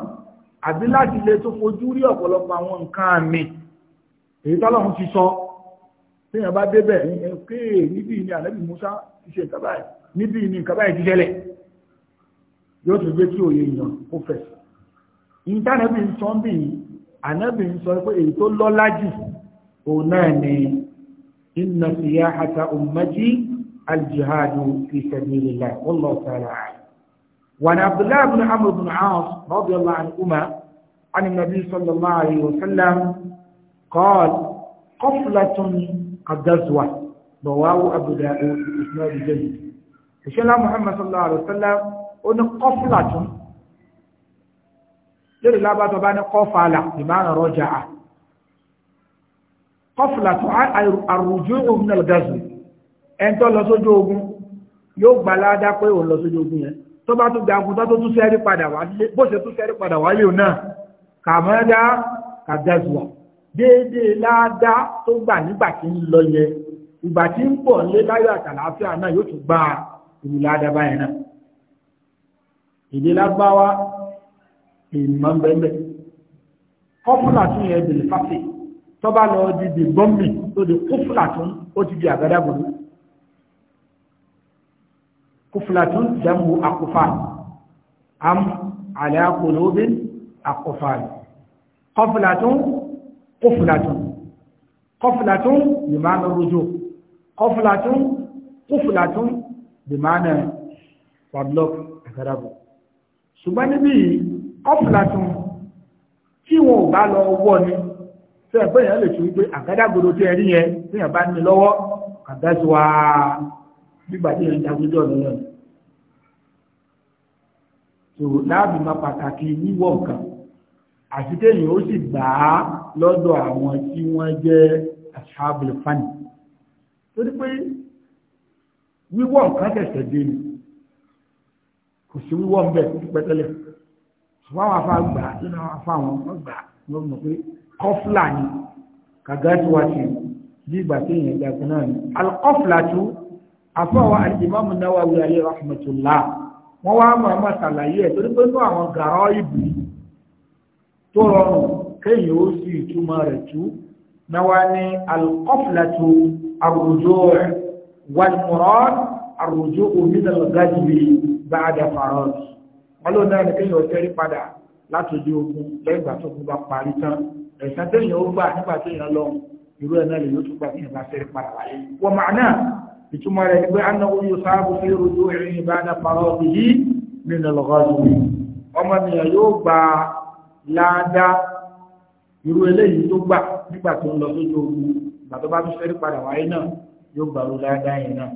àbí láti lè tó fojú rí ọ̀pọ̀lọpọ̀ àwọn nǹkan àmì èyí tọ́lọ́run ti sọ téèyàn bá débẹ̀ pé níbí ni ànábì Musa ti ṣe nǹkan báyìí níbí ni nǹkan báyìí ti ṣẹlẹ̀ yóò tún gbé kí òye èèyàn kó fẹ̀ ìyí tánàbì ń sọ bí ànábì ń sọ pé èyí tó lọ́lá jù òun náà ni inna siyahata ummati الجهاد في سبيل الله والله تعالى أعلم وعن عبد الله بن عمرو بن عاص رضي الله عنهما عن النبي صلى الله عليه وسلم قال قفلة كالغزوة رواه أبو داود إسناد جيد الشيخ محمد صلى الله عليه وسلم أن قفلة lórí lábàtọ̀ بعد ní قفلة بمعنى رجعة قفلة الرجوع من الغزو ẹni tó lọ sójú ogun yóò gbà ládá pé òun lọ sójú ogun yẹn tó bá tún gba ogun tó tún sẹ́rí padà wálé bó ṣe tún sẹ́rí padà wálé náà kàmọ́dá ládá tó gbà nígbà tí ń lọ yẹ ìgbà tí ń pọ̀ lé láyọ̀ àtàlàáfíà náà yóò tún ládá báyẹn náà ìmọ̀ bẹ́ẹ̀ kuflatun damu akufal am ala qulubin akufal qaflatun quflatun qaflatun bimana ruju qaflatun quflatun bimana padlock agarabu ṣùgbọ́n níbí qaflatun tí wọn ò bá lọ wọ́ ni tí ẹgbẹ́ yẹn lè ṣe wípé àgádágodo tí ẹ rí yẹn tí yẹn bá ní lọ́wọ́ àgáṣe gbígbà tí èèyàn jagunjọ nínú ẹ̀ so láàbì máa pàtàkì wíwọ̀ nǹkan àti téèyàn ó sì gbà á lọ́dọ̀ àwọn tí wọ́n jẹ́ ashabul fani torí pé wíwọ̀ nǹkan tẹ̀sẹ̀ dé ni kò sí wíwọ̀ ń bẹ̀ pẹ́tẹ́lẹ̀ ṣùgbọ́n àwọn afá gbà á nínú àwọn afá wọn wọ́n gbà á wọ́n mọ̀ pé kọ́fúlà ni kàgáàtì wá sí bí ìgbà téèyàn jagun náà ni alkọ́fúlà tún àfọwọ́ àdìmọ́mù Nawawi alayhi rahmatullah wọ́n wá mọ̀ọ́mọ́ sàlàyé ẹ̀ torí pé ní àwọn gàrọ́ ìbù tó rọrùn kéèyàn ó sì túmọ̀ rẹ̀ tú náwá ní al-qaflatu ar-ruju' wal-murad ar-ruju' min al-ghazwi ba'da wọ́n ló náà ní kéèyàn ó tẹ́rí padà látòjú ogun lẹ́gbà tó kú bá parí tán ẹ̀sán téèyàn ó gbà nígbà téèyàn lọ irú ẹ̀ náà lè yóò tún gbà ìtumọ̀ rẹ̀ ni pé anáwó yóò sáàbù fi rojú ìrìn ìbáná pàrọ̀ bí yí nínú lọ́gọ́dù ọmọ nìyàn yóò gba láàdá irú eléyìí tó gbà nígbà tó ń lọ sójú ogun ìgbà tó bá tún fẹ́rí padà wáyé náà yóò gbà ló láàdá yẹn náà.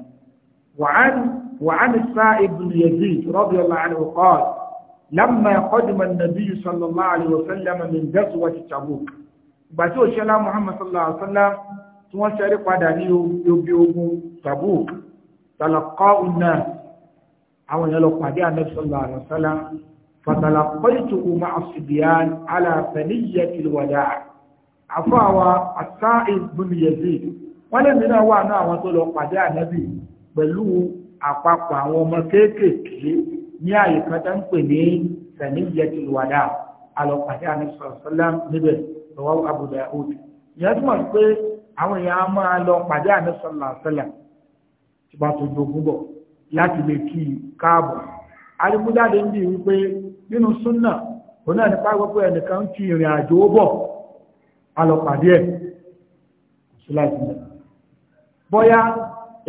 وعن السائب بن يزيد رضي الله عنه قال لما قدم النبي صلى الله عليه وسلم من غزوة تبوك باتو شلا محمد صلى الله عليه وسلم tí wọ́n ṣẹ́rí padà ní obi ogun Tabuk tàlàkọ́ iná àwọn èèyàn lọ pàdé Ànábì sallallahu alaihi wasallam fatalaqaytuhu ma'a sibyan ala saniyyatil wada' àfọwà As-Sa'ib bin Yazid wọ́n lè mìíràn wà náà àwọn tó lọ pàdé Ànábì pẹ̀lú àpapọ̀ àwọn ọmọ kéékèèké ní àyè kan ń pè ní saniyyatil wada' alọ́pàdé Ànábì sallallahu níbẹ̀ lọ́wọ́ Abu àwọn èèyàn á máa lọ pàdé àmì sọlá sọlá tí bá tó jogún láti lè kí i adigunjáde ń bì wípé nínú súnà òun náà nípa gbogbo ẹnìkan kí ìrìn àjò ó bọ̀ alọ̀pàdé sọlá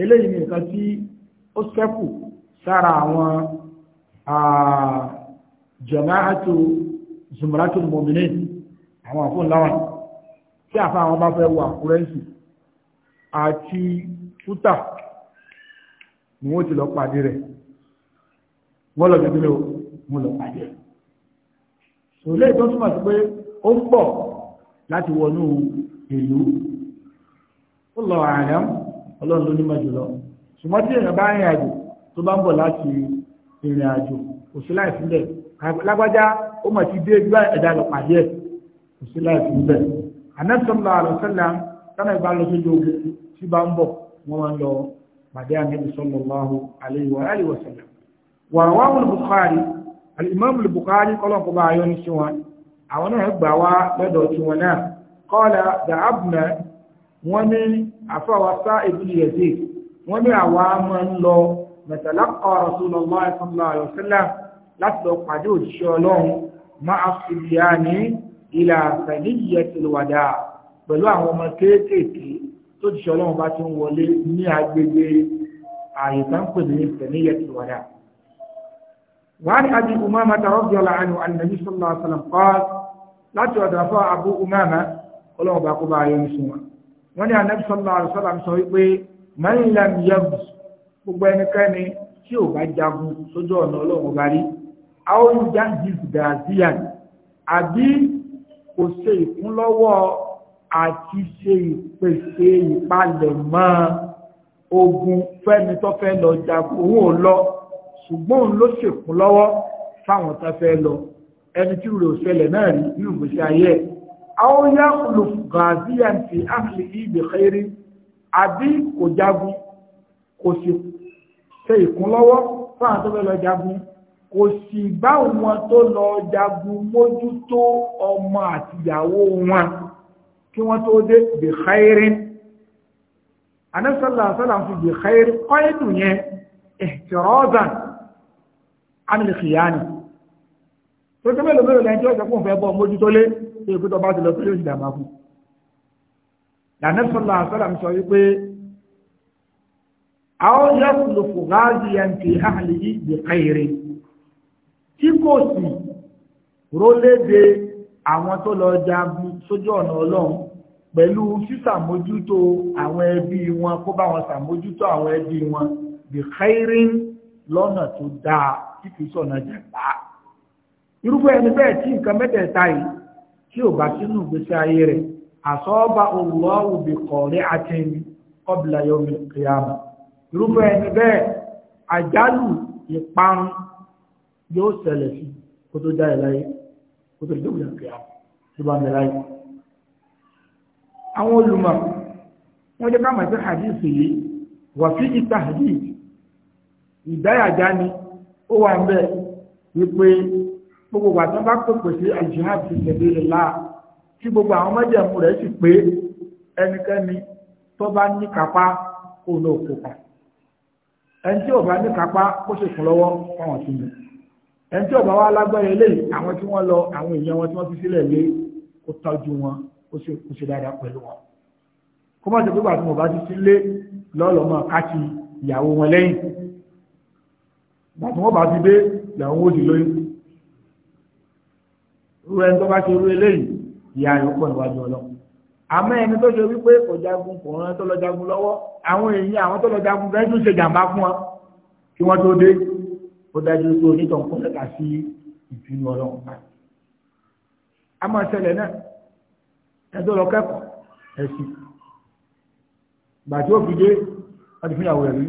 eléyìí tí tí àfa àwọn bá fẹ́ wà kúrẹ́ǹsì àti tútà ni wọ́n ti lọ pàdé rẹ̀ wọ́n lọ gbẹgbẹ́ o wọ́n lọ pàdé rẹ̀ sòlẹ́ túmọ̀ sí pé ó ń pọ̀ láti wọnú ìlú ó lọ àrẹ́m ọlọ́run ló nímọ̀ jùlọ ṣùgbọ́n tí èèyàn bá rìn àjò tó bá ń bọ̀ láti ìrìn àjò kò sí lágbájá ó mọ̀ dé ẹgbẹ́ lọ pàdé ẹ̀ kò sí anẹ́sọ̀lá àlọ́sẹ́lá tánà ìbá lọ sójú ogun tí bá ń bọ̀ wọ́n máa ń lọ pàdé ànábì sallallahu alaihi wa alihi wa sallam wà wá wọn Bukhari alimami Bukhari kọlọ́kọ́ bá ayọ́ ní sí wọn àwọn náà gbà wá lọ́dọ̀ tí wọn náà kọ́lá da abuna wọn ní àfọwọ́sá ìbílẹ̀ Yazid wọn ní àwa máa ń lọ mẹtàlákọ̀ Rasulullah sallallahu alaihi wa sallam láti lọ pàdé òjíṣẹ́ ọlọ́run máa fi ìlà fẹ̀níyẹ̀tìl wàdà pẹ̀lú àwọn ọmọ kéékèèké tó ti ṣe ọlọ́run bá ti ń wọlé ní agbègbè ààyè tá ń pè ní fẹ̀níyẹ̀tìl wàdà. wàhálì abi umama tàrọ́bì ọ̀la àánú ànàbí sọ́lá sàlám kọ́ láti ọ̀dọ̀ fọ́ abu umama ọlọ́run bá kó bá ayé sùn wọn. wọ́n ní ànàbí sọ́lá sàlám sọ wípé mẹ́lẹ̀m yẹ́bù gbogbo ẹnikẹ́ni tí ò bá jagun sójú ọ̀nà ọlọ́run bá rí àwọn olùjáde kò ṣe ìkúnlọ́wọ́ àti ṣe ìpèsè ìpalẹ̀mọ́ ogun fẹ́ni tó fẹ́ lọ jagun òun ò lọ ṣùgbọ́n òun ló ṣèkún lọ́wọ́ fáwọn tó fẹ́ lọ ẹni tí rò ṣẹlẹ̀ náà rí nínú ìgbésí ayé ẹ̀. àwọn yá lò gàzíyà ti áfìlì ìbì xẹ́rí àbí kò jagun kò sì ṣe ìkúnlọ́wọ́ fáwọn tó fẹ́ lọ jagun kò sì bá wọn tó lọ jagun mójútó ọmọ àtìyàwó wọn kí wọ́n tó dé bi khairin anásọ́lá sọ́lá fi bi khairin kọ́ìdù yẹn ihtirazan anil khiyani tó tó mélòó mélòó lẹ́yìn tí wọ́n sọ fún fẹ́ bọ́ mójútó lé tó ìpútọ́ bá ti lọ sílé ìdàmà fún lànàfọ́lá sọ́lá sọ wípé àwọn yẹ́kùn lò fò gáàzì yẹn ti hàlì yìí bi khairin tí kò sì rólédè àwọn tó lọ jagun sójú ọ̀nà ọlọ́run pẹ̀lú sísàmójútó àwọn ẹbí wọn kó bá wọn sàmójútó àwọn ẹbí wọn bí khairin lọ́nà tó dáa tí kìí sọ̀nà jàgbá irúfẹ́ ẹni bẹ́ẹ̀ tí nǹkan mẹ́tẹ̀ẹ̀ta yìí tí ò bá sínú ìgbésí ayé rẹ̀ àsọ́ọ́bà Allahu bi qari'atin qabla yawmil qiyamah irúfẹ́ ẹni bẹ́ẹ̀ àjálù ìparun yóò ṣẹlẹ̀ sí kó tó dá ìláyé kó tó dókòó ìyàkìyà tó bá mẹ́láyé. àwọn olùmọ̀ wọ́n jẹ́ ká mọ̀ sí hadith yìí wà fi ìta hadith ìdáyàjá ni ó wà ń bẹ̀ wípé gbogbo wa tí wọ́n bá pèpè sí al-jihad fi sabilillah tí gbogbo àwọn mẹ́jẹ̀mú rẹ̀ sì pé ẹnikẹ́ni tó bá ní kápá kó lóò kópa ẹni tí ò bá ní kápá kó sì kún lọ́wọ́ fáwọn sí mi ẹni tí ọba wa lágbára eléyìí àwọn tí wọ́n lọ àwọn èèyàn wọn tí wọ́n fi sílẹ̀ lé kó tọ́jú wọn kó ṣe dáadáa pẹ̀lú wọn kó má ṣe pé bàtí mo bá ti sílé lọ́ọ̀lọ́ máa káàkì ìyàwó wọn lẹ́yìn bàtí wọ́n bá ti dé ìyàwó wọn ti lóyún rú ẹni tó bá ṣe rú eléyìí ìyá rẹ̀ pọ̀ níwájú ọlọ́run àmọ́ ẹni tó ṣe wípé kò jagun kò rán tó lọ jagun lọ́wọ́ àwọn èèyàn àwọn tó lọ jagun bẹ́ẹ̀ tún ṣe jàǹbá fún wọn kí wọ́n tó dé ó dájú pé onítàn kún lẹ́ka sí ìpinnu ọlọ́run bá a máa ṣẹlẹ̀ náà ẹjọ́ lọ kẹ́kọ̀ọ́ ẹ̀sìn ìgbà tí ó fi dé wọ́n ti fún ìyàwó rẹ̀ rí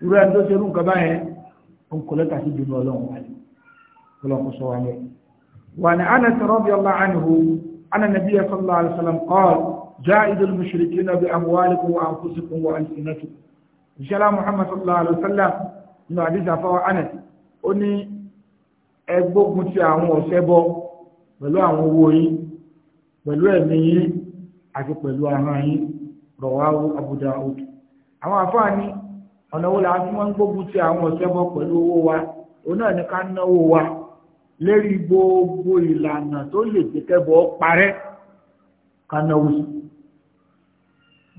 irú ẹni tó ṣe irú nǹkan báyẹn ó ń kọ́ lẹ́ka sí ìpinnu ọlọ́run bá ọlọ́run sọ wa lẹ́yìn. وعن أنس رضي الله عنه أن النبي صلى الله عليه وسلم قال جاهدوا المشركين بأموالكم وأنفسكم وألسنتكم ìṣẹ́lá muhammad sallallahu alaihi wasallam nínú àdíjà fọwọ́ anet ó ní ẹgbógun ti àwọn ọ̀sẹ́ bọ pẹ̀lú àwọn owó yín pẹ̀lú ẹ̀mí yín àti pẹ̀lú ahọ́n yín rọ̀wáwó abu daud àwọn àfáà ní ọ̀nà wo làá tún wọ́n ń gbógun ti àwọn ọ̀sẹ́ bọ pẹ̀lú owó wa òun náà ní ká náwó wa lérí gbogbo ìlànà tó lè jẹ́ kẹ́bọ̀ parẹ́ ká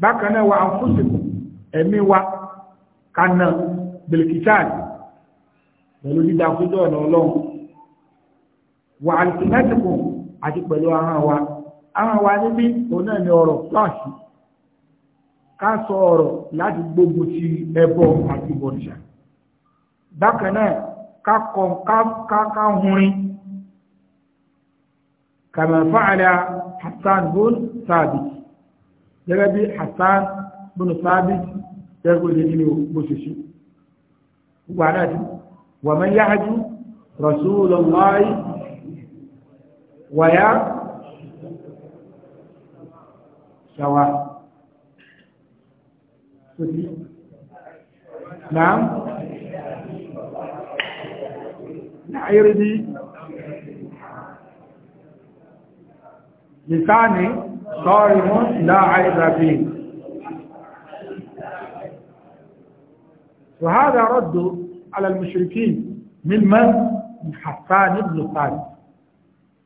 bákan náà wà fún sí ẹ̀mí wa kánà bilkitan pẹ̀lú dídá sójú ọ̀nà ọlọ́run wà alìsìmẹ́tìkù àti pẹ̀lú ahọ́n wa ahọ́n wa níbí òun náà ni ọ̀rọ̀ pàṣì ká sọ ọ̀rọ̀ láti gbógun ti ẹbọ àti bọ̀dìṣà bákan náà ká kọ ká hunrin kama fa'ala Hassan bin Sabit gẹ́gẹ́ bí Hassan bin Sabit tẹ́gbó lè nínú bó ṣe ṣe wà náà ti wà mọ́ yáájú rasulullahi wàyá ṣàwà sókè náà náà yẹ́rẹ́ bí lisani sọ́rìmọ́ láàáìsàfihàn وهذا رد على المشركين من من حفان ابن ثابت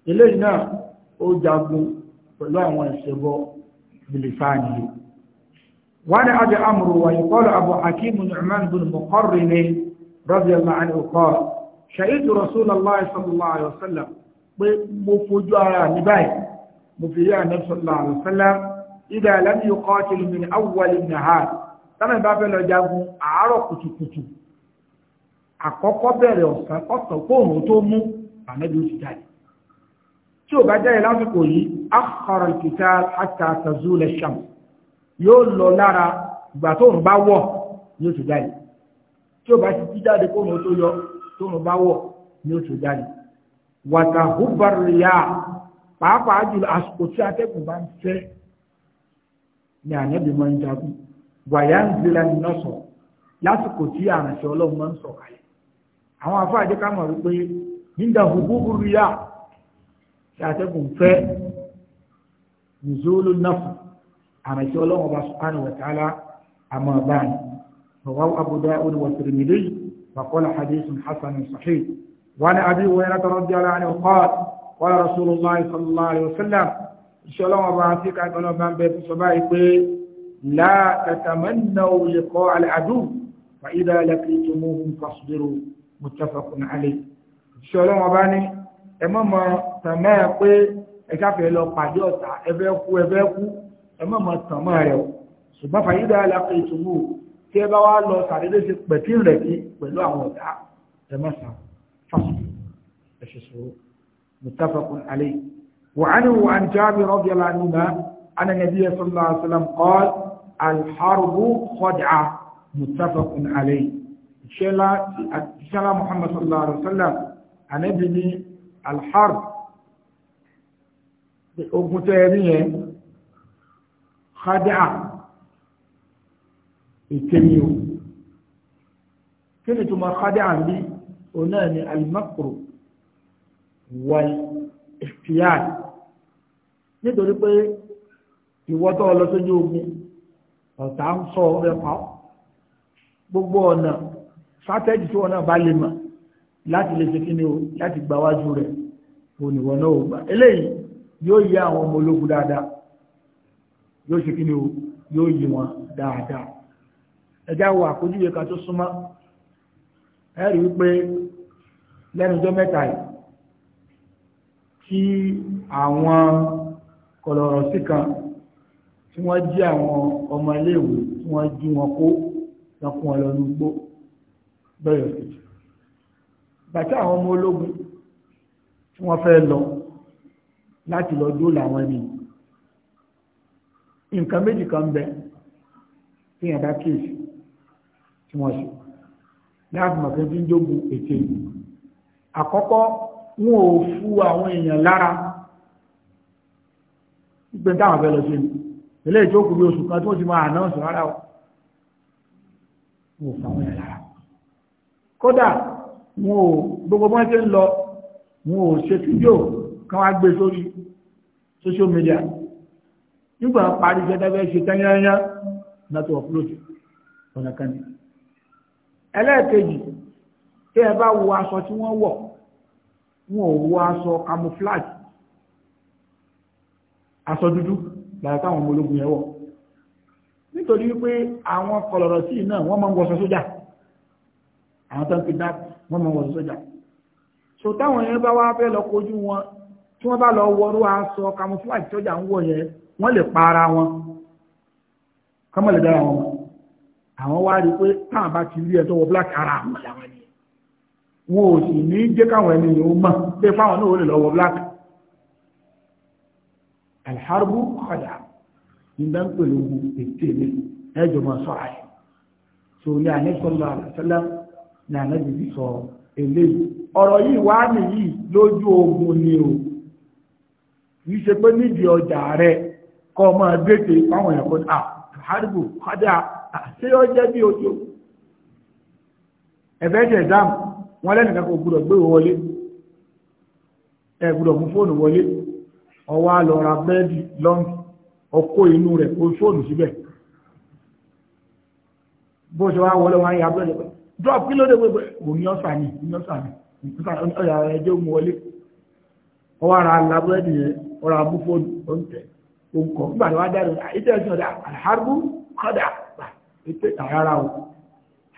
إلينا أجاب فلان يسبو بلسانه وأنا أبي أمر ويقال أبو حكيم نعمان بن مقرن رضي الله عنه قال شهدت رسول الله صلى الله عليه وسلم مفجوع نباي مفجوع النبي صلى الله عليه وسلم إذا لم يقاتل من أول النهار táwọn ìbá fẹ́ lọ jagun àárọ̀ kùtùkùtù àkọ́kọ́ bẹ̀rẹ̀ ọ̀sán ọ̀sán kóòrùn tó mú ànábì ó jáde tí ò bá jáde lásìkò yìí akọ̀rọ̀ ìkìtà àti àtàzú lẹ́ṣàm yóò lọ lára ìgbà bá wọ̀ ni ó jáde tí ò bá ti jí jáde tó yọ tóòrùn bá wọ̀ ni ó jáde wàtà húbàrìyà pàápàá jùlọ àsìkò tí bá ń fẹ́ ni máa ń jagun wàyánzìlá iná sọ lásìkò tí àrànṣẹ́ ọlọ́run máa ń sọ̀kalẹ̀ àwọn afáàjẹ́ ká mọ̀ wípé nígbà gbogbo ríyà tí atẹ́gùn fẹ́ nìzóòlù náfù àrànṣẹ́ ọlọ́run ọba subhanahu wa ta'ala àmọ́ báyìí rawahu Abu Dawud wa Tirmidhi wa qala hadithun hasanun sahih wa 'an Abi Hurayrah radiyallahu anhu qala qala Rasulullah sallallahu alaihi wasallam ìṣọlọ́run ọba لا تتمنوا لقاء العدو فإذا لقيتموهم فاصبروا متفق عليه ṣọlọ́ wọn bá ní ẹ má mà tàn mọ́ ẹ pé ẹ káfẹ́ lọ pàdé ọ̀tá ẹbẹ́ kú ẹbẹ́ kú ẹ má mà tàn mọ́ rẹ̀ o ṣùgbọ́n fàyídà alákọ̀ ìtumù tí ẹ bá wá lọ sàdédé ṣe pẹ̀tí rẹ̀ kí pẹ̀lú àwọn ọ̀tá ẹ má sàn fásitì ẹ ṣe sọ̀rọ̀ متفق عليه وعنه عن جابر رضي الله عنهما أن النبي صلى الله عليه وسلم قال الحرب خدعة متفق عليه شلا محمد صلى الله عليه وسلم أن ابني الحرب ogun tẹ́ ẹ̀rí yẹn kádà ìkémi o kí ni túmọ̀ kádà ń bí o náà ni alimakuru wal ikhtiyar nítorí pé ìwọ́tọ̀ lọ sójú ogun ọ̀tá ń sọ ọ̀rẹ́ pa ọ́ gbogbo ọ̀nà sátẹ́jì tí wọn náà bá lè mọ̀ láti lè ṣe kíni o láti gba wájú rẹ̀ òníwọ̀n náà ò gbà eléyìí yóò yí àwọn ọmọ ológun dáadáa yóò ṣe kíni o yóò yí wọn dáadáa ẹjá wo àkójúwe kan tó súnmọ́ ẹ rí i pé lẹ́nu ọjọ́ mẹ́ta yìí tí àwọn kọlọ̀rọ̀ sí kan tí wọ́n jí àwọn ọmọ iléèwé tí wọ́n jí wọn kó lọ́kùn wọn lọ lúgbó bẹ́ẹ̀ sí bàtà àwọn ọmọ ológun tí wọ́n fẹ́ lọ láti lọ dóòlà àwọn ẹni nǹkan méjì kan bẹ tí yẹn bá kéèsì tí wọ́n ṣe láti mọ̀ pé bí ń jogun ète àkọ́kọ́ wọn ò fu àwọn èèyàn lára gbẹ̀ntàn àbẹ̀lọ́sẹ̀ mi ilé ìjókòó bí oṣù kan tó ti máa àná sọ rárá o wò fáwọn yẹn lára kódà wọn ò gbogbo wọn ṣe ń lọ wọn ò ṣe fídíò kan gbé sórí social media nígbà parí iṣẹ́ tẹ́fẹ́ ṣe tẹ́yẹ́yẹ́ náà tó upload ọ̀nà kan ní. ẹlẹ́ẹ̀kejì tí ẹ bá wo aṣọ tí wọ́n wọ̀ wọn ò wọ aṣọ camouflage aṣọ dúdú láàrín táwọn ọmọ ológun yẹn wọ̀ nítorí wípé àwọn kọlọ̀rọ̀ sí náà wọ́n máa ń wọṣọ sójà àwọn tó fi dáàbò wọ́n máa ń wọṣọ sójà so táwọn yẹn bá wá fẹ́ lọ kojú wọn tí wọ́n bá lọ wọrú aṣọ camouflage sójà ń wọ̀ yẹn wọ́n lè pa ara wọn kọ́mọ̀ lè dára wọn àwọn wá rí pé táwọn bá ti rí ẹ̀ tó wọ black ara àwọn làwọn ni wọn ò sì ní jẹ́ káwọn ẹni yòó mọ̀ pé fáwọn náà ó lè lọ wọ black alharbu ọ̀dà nígbà ń pèlú ètò èmi ẹjọ sọ àyè so ní àníkọlọ àlàsálà ní ànábìbí sọ eléyìí ọrọ yìí wá nìyí lójú ogun ni o kì í ṣe pé nídìí ọjà rẹ kọ́ ọ máa gbèsè fáwọn ẹ̀kọ́ náà alharbu ọ̀dà àṣẹ ọjọ́ bí ojú ẹ̀fẹ́ wọn gbé wọlé mú fóònù wọlé ọwọ́ àlọ́ra bẹ́ẹ̀dì lọ́nkì ọkọ̀ inú rẹ̀ kó sóòlù síbẹ̀ bó ṣe wá wọlé wọn yà bẹ́ẹ̀dì drop kí ló dé gbogbo òní ọ̀sà ni òní ọ̀sà ni ọ̀yà ẹjọ́ mu wọlé ọwọ́ ara la bẹ́ẹ̀dì yẹn ọ̀rọ̀ abú fóònù ó ń tẹ̀ ó ń kọ́ nígbà tí wọ́n dáre ìtẹ̀ ẹ̀sìn ọ̀dà àhárú kọ́dà ètè àrárá o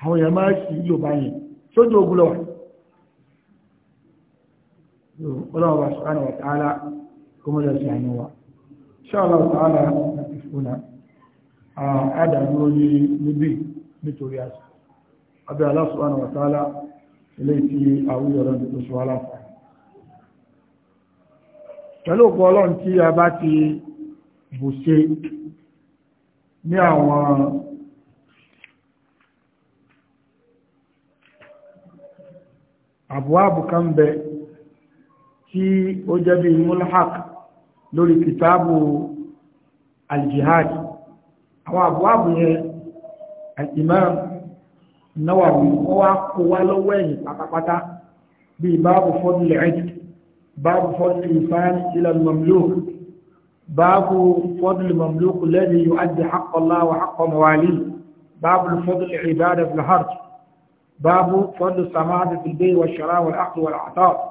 àwọn èèyàn máa ń sì lò báyìí sójú ogun lọ ọlọ́run wa sọ̀rọ̀ àwọn ọ̀tá kọmọlẹ̀ ṣàánú wa ṣáàlọ́ tààlà láti fúnà àádàdúró ní níbi nítorí àṣà abẹ́ Allah subhanahu wa ta'ala ilé tí àwúyọ̀rọ̀ ní oṣù aláfà pẹ̀lú òpó ọlọ́run tí a bá ti bù ṣe ní àwọn àbúwábù kan bẹ tí ó lórí kìtàbù aljihad àwọn lọ́wọ́ ẹ̀yìn pátápátá bí i yẹn al-Imam Nawawi wọ́n wá kó wá lọ́wọ́ ẹ̀yìn pátápátá bíi báàbù fadl al-'itq báàbù fadl al-insan ila al-mamluk báàbù fadl al-mamluk alladhi yu'addi haqqa Allah wa haqqa mawalihi باب الفضل العبادة في الحرج باب فضل السماعة في البيع والشراء والعقد والعطاء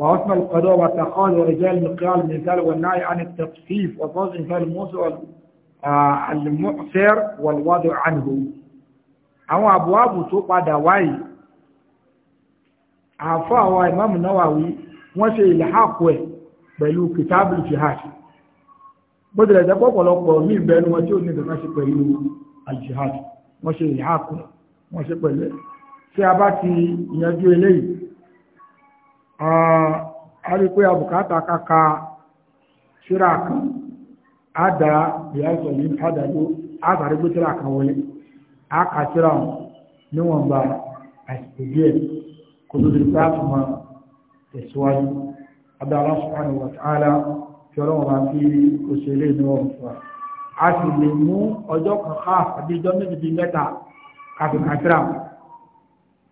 وحسن القضاء والتقاضي ورجال المقيال المثال والنهي عن التطفيف وفرض إنسان الموسى المؤثر والوضع عنه àwọn àbúwábù tó padà wáyé àfọ́ àwọn ìmáàmù Nawawi wọ́n ṣe ìlàákù ẹ̀ pẹ̀lú kìtàbù jihad bó tilẹ̀ jẹ́ pọ̀pọ̀lọpọ̀ ní ìbẹ̀nu wọn tí ó ní ìdọ̀ká ṣe pẹ̀lú al-jihad wọ́n ṣe ìlàákù ẹ̀ wọ́n ṣe pẹ̀lú ẹ̀ tí a bá ti yanjú eléyìí Ah, a rí pé àbùkátà kaka síra kan á dá ìyáìsọ̀ yìí pàdánù á sàrí pé síra kan wọlé á kà síra wọn níwọ̀nba àìsàn díẹ̀ kò ló lè bá tó máa tẹ̀síwájú adára subhanahu wa ta'ala fi ọlọ́wọ́n bá fi òṣèlé níwọ̀n fún wa a sì lè mú ọjọ́ kan ká àbí ọjọ́ méjì bíi mẹ́ta kàfìkàtìrà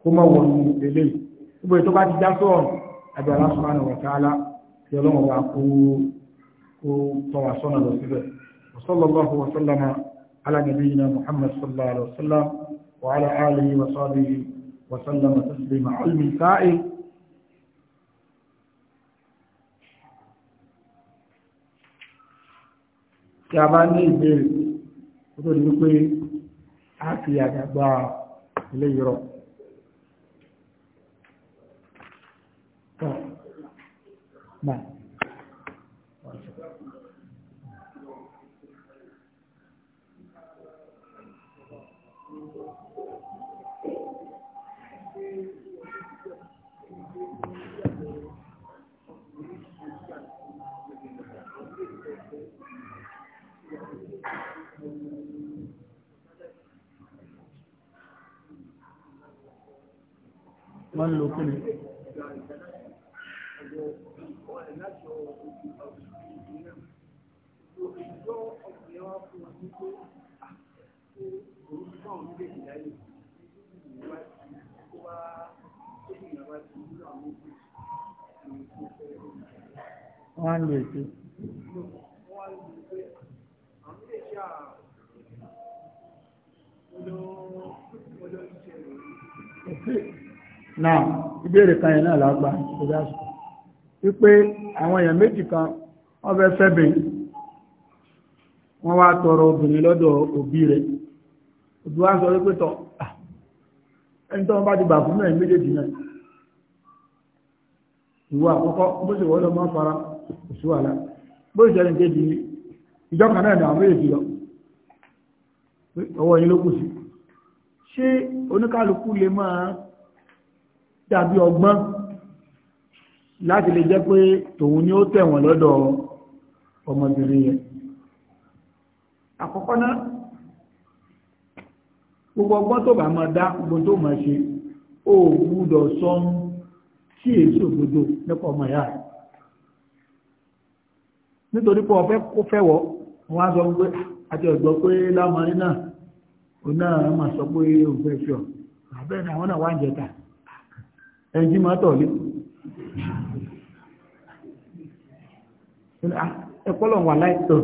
kó mọ̀ wọ̀nyí lélẹ́yìn gbogbo ètò bá ti já sọ̀rọ̀ abẹ́ aláṣọ́nà wọ̀tàálá tí ọlọ́run wa kó tọwà sọ́nà lọ síbẹ̀ wasallallahu wasallama ala nabiyyina muhammad sallallahu alaihi wasallam wa ala alihi wa sahbihi wa sallama taslima ilmi sa'i tí a bá ní ìbéèrè ó tó di wípé a fi àdàgbà ilé ìrọ̀ náà wọ́n lò kí ni wọ́n á lo ètò. náà ìbéèrè kan yẹn náà lágbá ìdásùn wípé àwọn èèyàn méjì kan wọ́n fẹ́ fẹ́ bẹ̀rẹ̀ wọ́n wá tọrọ obìnrin lọ́dọ̀ òbí rẹ̀ òbí wá sọ wípé tọ́ ẹni tó wọ́n bá ti bà fún mẹ́rin méjèèjì náà ìwọ àkọ́kọ́ bó ṣe wọ́n lọ mọ́ fara òṣù àlá bó ṣe ẹni kejì ní ìjọ kan náà ní àwọn méjèèjì lọ ọwọ́ yín ló kù sí ṣé oníkálukú lè máa dàbí ọgbọ́n láti lè jẹ́ pé tòun ni ó tẹ̀wọ̀n lọ́dọ̀ ọmọbìnrin yẹn àkọ́kọ́ náà gbogbo ọgbọ́n tó bá mọ̀ dá gbogbo tó mọ̀ ṣe ó gbúdọ̀ sọ sí èso òdodo nípa ọmọ ìyá rẹ̀ nítorí pé ọfẹ́ kó fẹ́ wọ́ wọ́n á sọ pé àti ah, ọ̀gbọ́n pé lámọ́rí náà òun náà máa sọ pé òun fi ọ̀ àbẹ́rẹ́ ni àwọn náà wá ń jẹta ẹjí máa tọ̀lé ah, ẹ̀kọ́ lọ́n wà láìpẹ́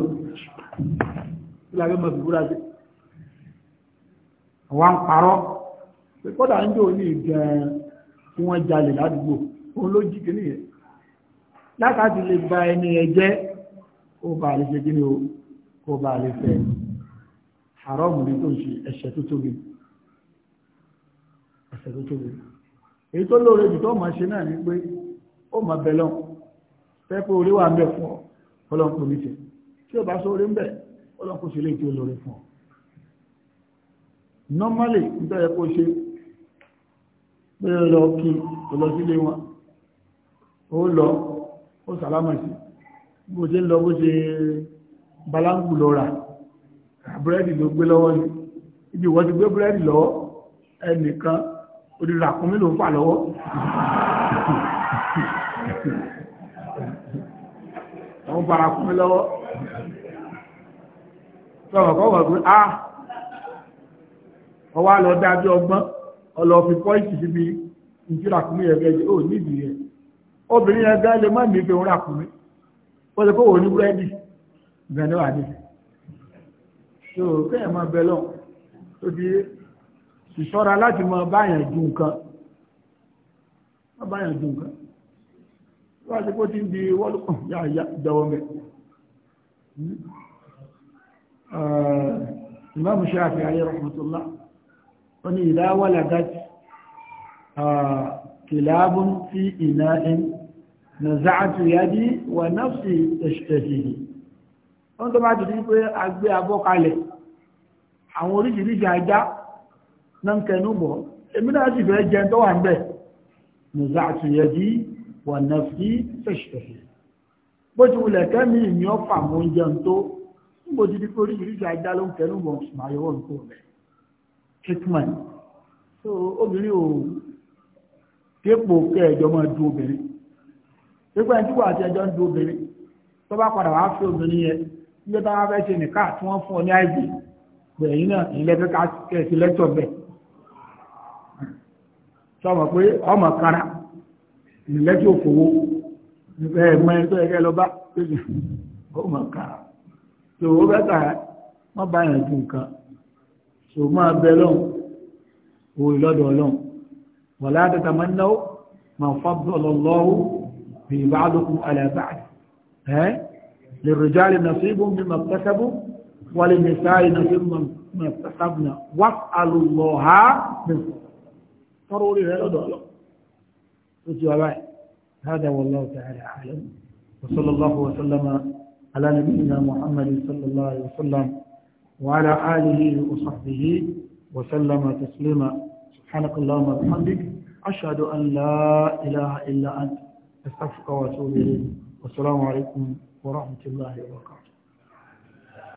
lábẹ́ mọ̀ fìbúra sí àwọn ń parọ́ pé kọ́dà ń jò ní gan-an tí wọ́n jalè ládùúgbò òun ló jí kìíní yẹn látàtí lè ba ẹni yẹn jẹ́ kó ba lè ṣe kíni o kó ba lè fẹ́ haram ni tó ń ṣe ẹ̀ṣẹ̀ tó tóbi ẹ̀ṣẹ̀ tó tóbi èyí tó lóore jù tó máa ṣe náà ni pé ó máa bẹ̀ lọ́n fẹ́ pé orí wà ń bẹ̀ fún ọ ọlọ́run kò ní tí ó bá sọ orí ń bẹ̀ ọlọ́kùn ṣe lè tí ó lórí fún ọ normally nígbà ẹ̀kọ́ ṣe bẹ́ẹ̀ lọ kí lọ sílé wọn ó lọ ó sàlámà sí bó ṣe lọ bó ṣe balangu lọ búrẹ́dì ló gbé lọ́wọ́ ni ibi ìwọ́n ti gbé búrẹ́dì lọ́wọ́ ẹnìkan odìrà kún mí ló fà lọ́wọ́ wọ́n bára kún lọ́wọ́ sọ̀rọ̀ kọ́ wọ̀ pé ah ọwọ́ àlọ́ dájú ọgbọ́n ọlọ́ fi pọ́ìntì síbi ìjíràkúnmí ẹ̀gẹ́ jẹ́ ò nídìí yẹn obìnrin ẹgbẹ́ lè má ní ìfẹ́ òun ràkúnmí ó lè kówó ní búrẹ́dì ìgbẹ̀ni wà nífẹ̀ẹ́ so kẹ́yẹ̀ máa bẹ lọ tó di ìṣọ́ra láti mọ báyàn ju nǹkan má báyàn ju nǹkan wọ́n ti kó ti ń di wọ́lùkùn <laughs> yáa jẹ́wọ́ mẹ́ imam shafi alayhi rahmatullah ó ní idha waladat kilabun fi ina'in naza'tu yadi wa nafsi tashtahihi wọ́n tó bá ti di pé a gbé abọ́ kalẹ̀ àwọn oríṣiríṣi ajá náà kẹnu bọ̀ èmi náà sì fẹ́ jẹ tó wà yadi wa nafsi tashtahihi bó ti wulẹ̀ kẹ́mi ìyàn fàmóúnjẹ tó mo ti di pé oríṣiríṣi ajá ló ń tẹnu mọ́ màá yọwọ́ mi treatment so obìnrin ò dépò kẹ ẹjọ́ máa du obìnrin pípa ẹni tí wàá ti ẹjọ́ ń du obìnrin tó bá padà wàá fi obìnrin yẹn nígbà táwọn afẹ́ ṣe nìka tí wọ́n fún ọ ní àìsí gbẹ̀yìn náà ìlẹ́fẹ́ ká kẹ̀sí lẹ́tọ̀ bẹ́ẹ̀ sọmọ pé ọmọ kara ìlẹ́tọ̀ òfòwò ẹ̀ẹ́mọ ẹni tó yẹ kẹ́ lọ bá ọmọ kara tó o bẹ́ta má bá yàn ju nǹkan tó o máa bẹ lọ́hùn òòrè lọ́dọ̀ ọlọ́hùn wala tatamannaw ma faddala Allahu bi ba'dikum ala ba'd ẹ́ lirrijali nasibun mimma iktasabu wa linnisa'i nasibun mimma iktasabna was'alu Allaha min tọrọ orí rẹ lọ́dọ̀ ọlọ́hùn ó ti wà báyìí هذا والله تعالى أعلم وصلى الله وسلم على نبينا محمد صلى الله عليه وسلم وعلى آله وصحبه وسلم تسليما سبحانك اللهم وبحمدك أشهد أن لا إله إلا أنت أستغفرك وأتوب إليك والسلام عليكم ورحمة الله وبركاته